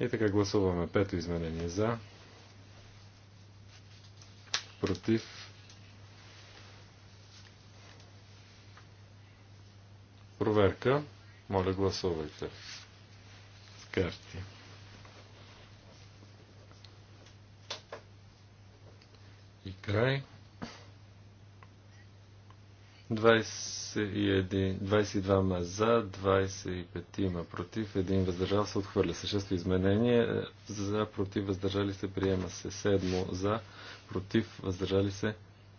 S2: И така гласуваме пето изменение за, против, Проверка. Моля, гласувайте. С карти. И край. 22 ма за, 25 има против, 1 въздържал се, отхвърля се. изменение за, против, въздържали се, приема се. Седмо за, против, въздържали се,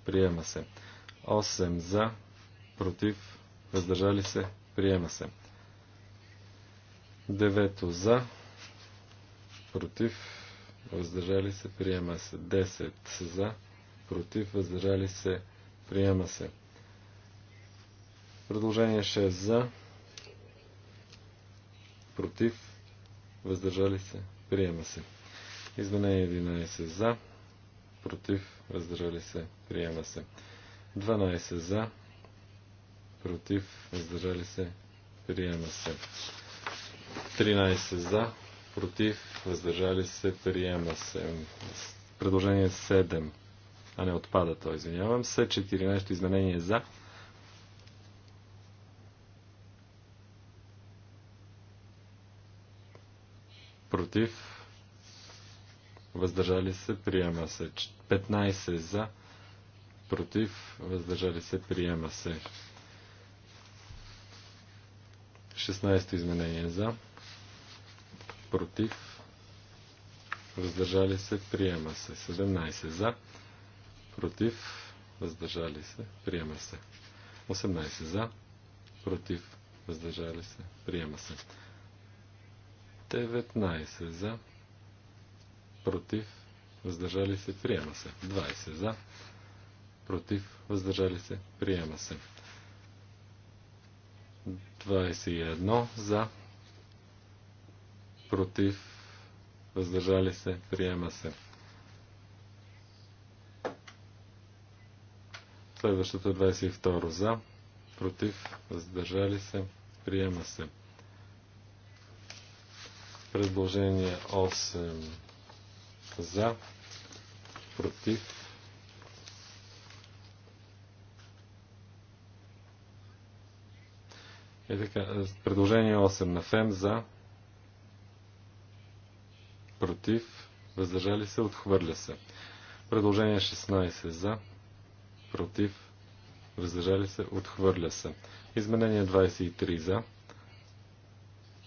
S2: приема се. 8 за, против, въздържали се, приема се. Девето за, против, въздържали се, приема се. 10 за, против, въздържали се, приема се. Продължение 6 за, против, въздържали се, приема се. Изменение 11 за, против, въздържали се, приема се. 12 за, против, въздържали се, приема се. 13 за, против, въздържали се, приема се. Предложение 7, а не отпада то, извинявам се. 14 изменение за. Против, въздържали се, приема се. 15 за, против, въздържали се, приема се. 16 изменение за, против, въздържали се, приема се. 17 за, против, въздържали се, приема се. 18 за, против, въздържали се, приема се. 19 за, против, въздържали се, приема се. 20 за, против, въздържали се, приема се. 21 за, против, въздържали се, приема се. Следващото 22 е за, против, въздържали се, приема се. Предложение 8 за, против, И е, така, предложение 8 на ФЕМ за против, въздържали се, отхвърля се. Предложение 16 за против, въздържали се, отхвърля се. Изменение 23 за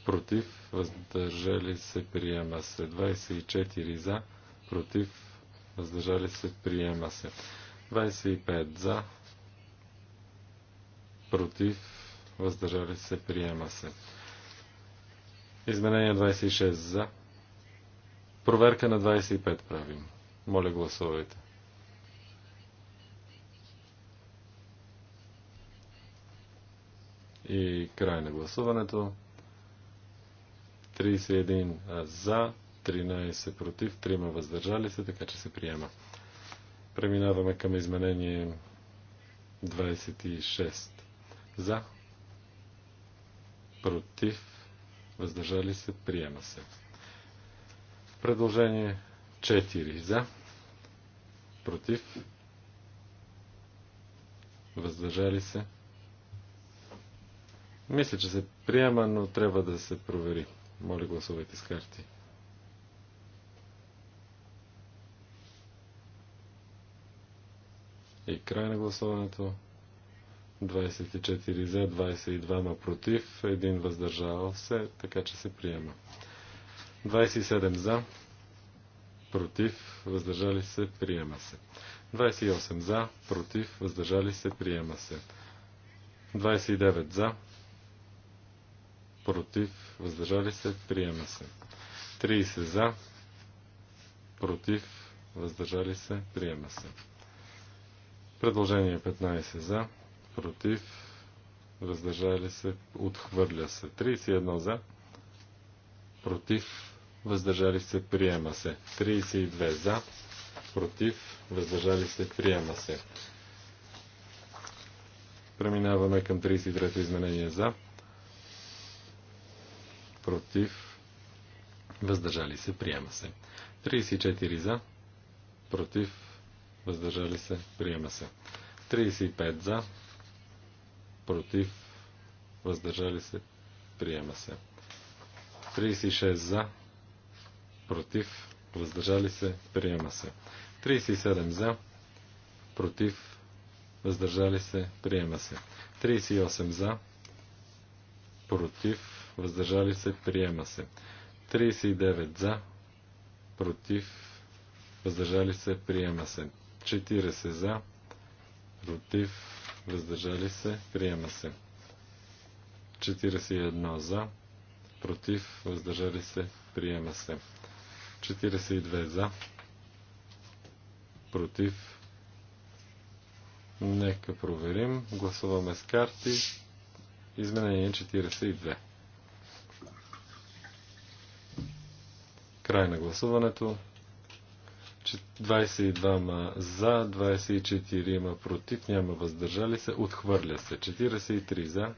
S2: против, въздържали се, приема се. 24 за против, въздържали се, приема се. 25 за против, въздържали се, приема се. Изменение 26 за. Проверка на 25 правим. Моля, гласувайте. И край на гласуването. 31 за, 13 против, 3 въздържали се, така че се приема. Преминаваме към изменение 26. За, против, въздържали се, приема се. Предложение 4 за, против, въздържали се. Мисля, че се приема, но трябва да се провери. Моля, гласувайте с карти. И край на гласуването. 24 за, 22 ма против, 1 въздържал се, така че се приема. 27 за, против, въздържали се, приема се. 28 за, против, въздържали се, приема се. 29 за, против, въздържали се, приема се. 30 за, против, въздържали се, приема се. Предложение 15 за, против, въздържали се, отхвърля се. 31 за, против, въздържали се, приема се. 32 за, против, въздържали се, приема се. Преминаваме към 33-то изменение за, против, въздържали се, приема се. 34 за, против, въздържали се, приема се. 35 за, против, въздържали се, приема се. 36 за, против, въздържали се, приема се. 37 за, против, въздържали се, приема се. 38 за, против, въздържали се, приема се. 39 за, против, въздържали се, приема се. 40 за, против, въздържали се, приема се. 41 за, против, въздържали се, приема се. 42 за, против. Нека проверим. Гласуваме с карти. Изменение 42. Край на гласуването. 22 за, 24 против, няма въздържали се, отхвърля се. 43 за,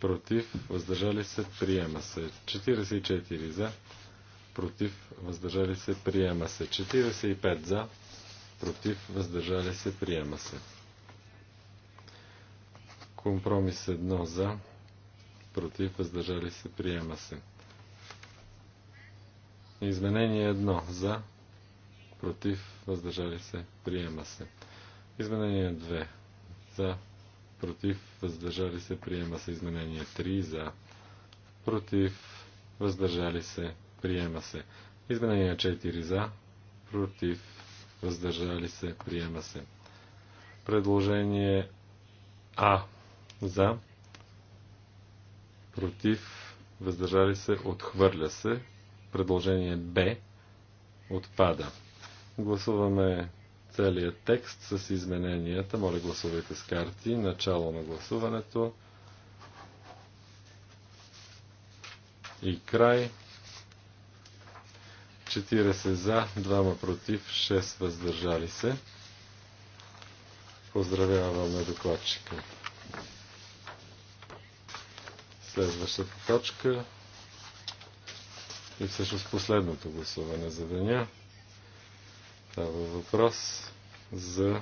S2: против, въздържали се, приема се. 44 за, против, въздържали се, приема се. 45 за, против, въздържали се, приема се. Компромис 1 за, против, въздържали се, приема се. Изменение 1 за, против, въздържали се, приема се. Изменение 2 за, против, въздържали се, приема се. Изменение 3 за, против, въздържали се, приема се. Изменение 4 за, против, въздържали се, приема се. Предложение А за, против, въздържали се, отхвърля се предложение Б отпада. Гласуваме целият текст с измененията. Моля гласувайте с карти. Начало на гласуването. И край. 40 за, 2 против, 6 въздържали се. Поздравяваме докладчика. Следващата точка и всъщност последното гласуване за деня. Става въпрос за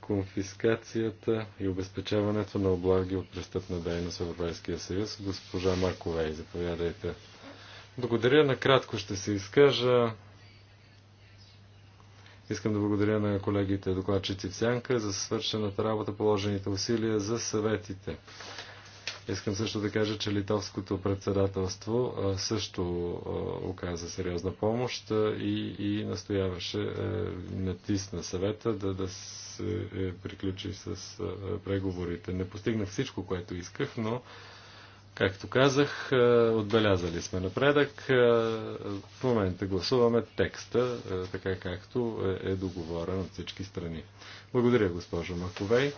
S2: конфискацията и обезпечаването на облаги от престъпна дейност в Европейския съюз. Госпожа Маковей, заповядайте. Благодаря. Накратко ще се изкажа. Искам да благодаря на колегите докладчици в Сянка за свършената работа, положените усилия за съветите. Искам също да кажа, че литовското председателство също оказа сериозна помощ и, и настояваше, е, натисна съвета да, да се е, приключи с преговорите. Не постигнах всичко, което исках, но Както казах, е, отбелязали сме напредък. В момента гласуваме текста, така както е договорен от всички страни. Благодаря, госпожо Маковей.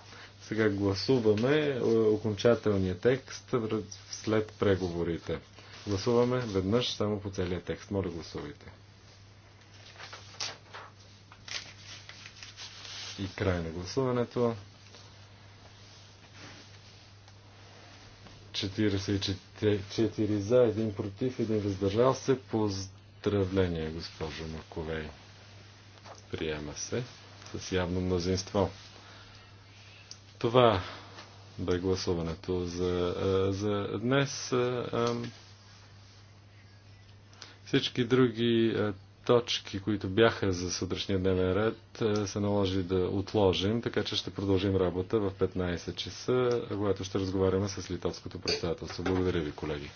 S2: Сега гласуваме е, окончателния текст след преговорите. Гласуваме веднъж само по целия текст. Моля, гласувайте. И край на гласуването. 44 за, 1 против, 1 въздържал се. Поздравление, госпожо Маковей. Приема се с явно мнозинство. Това бе гласуването за, за днес. Всички други точки, които бяха за сутрешния дневен ред, се наложи да отложим, така че ще продължим работа в 15 часа, когато ще разговаряме с литовското председателство. Благодаря ви, колеги.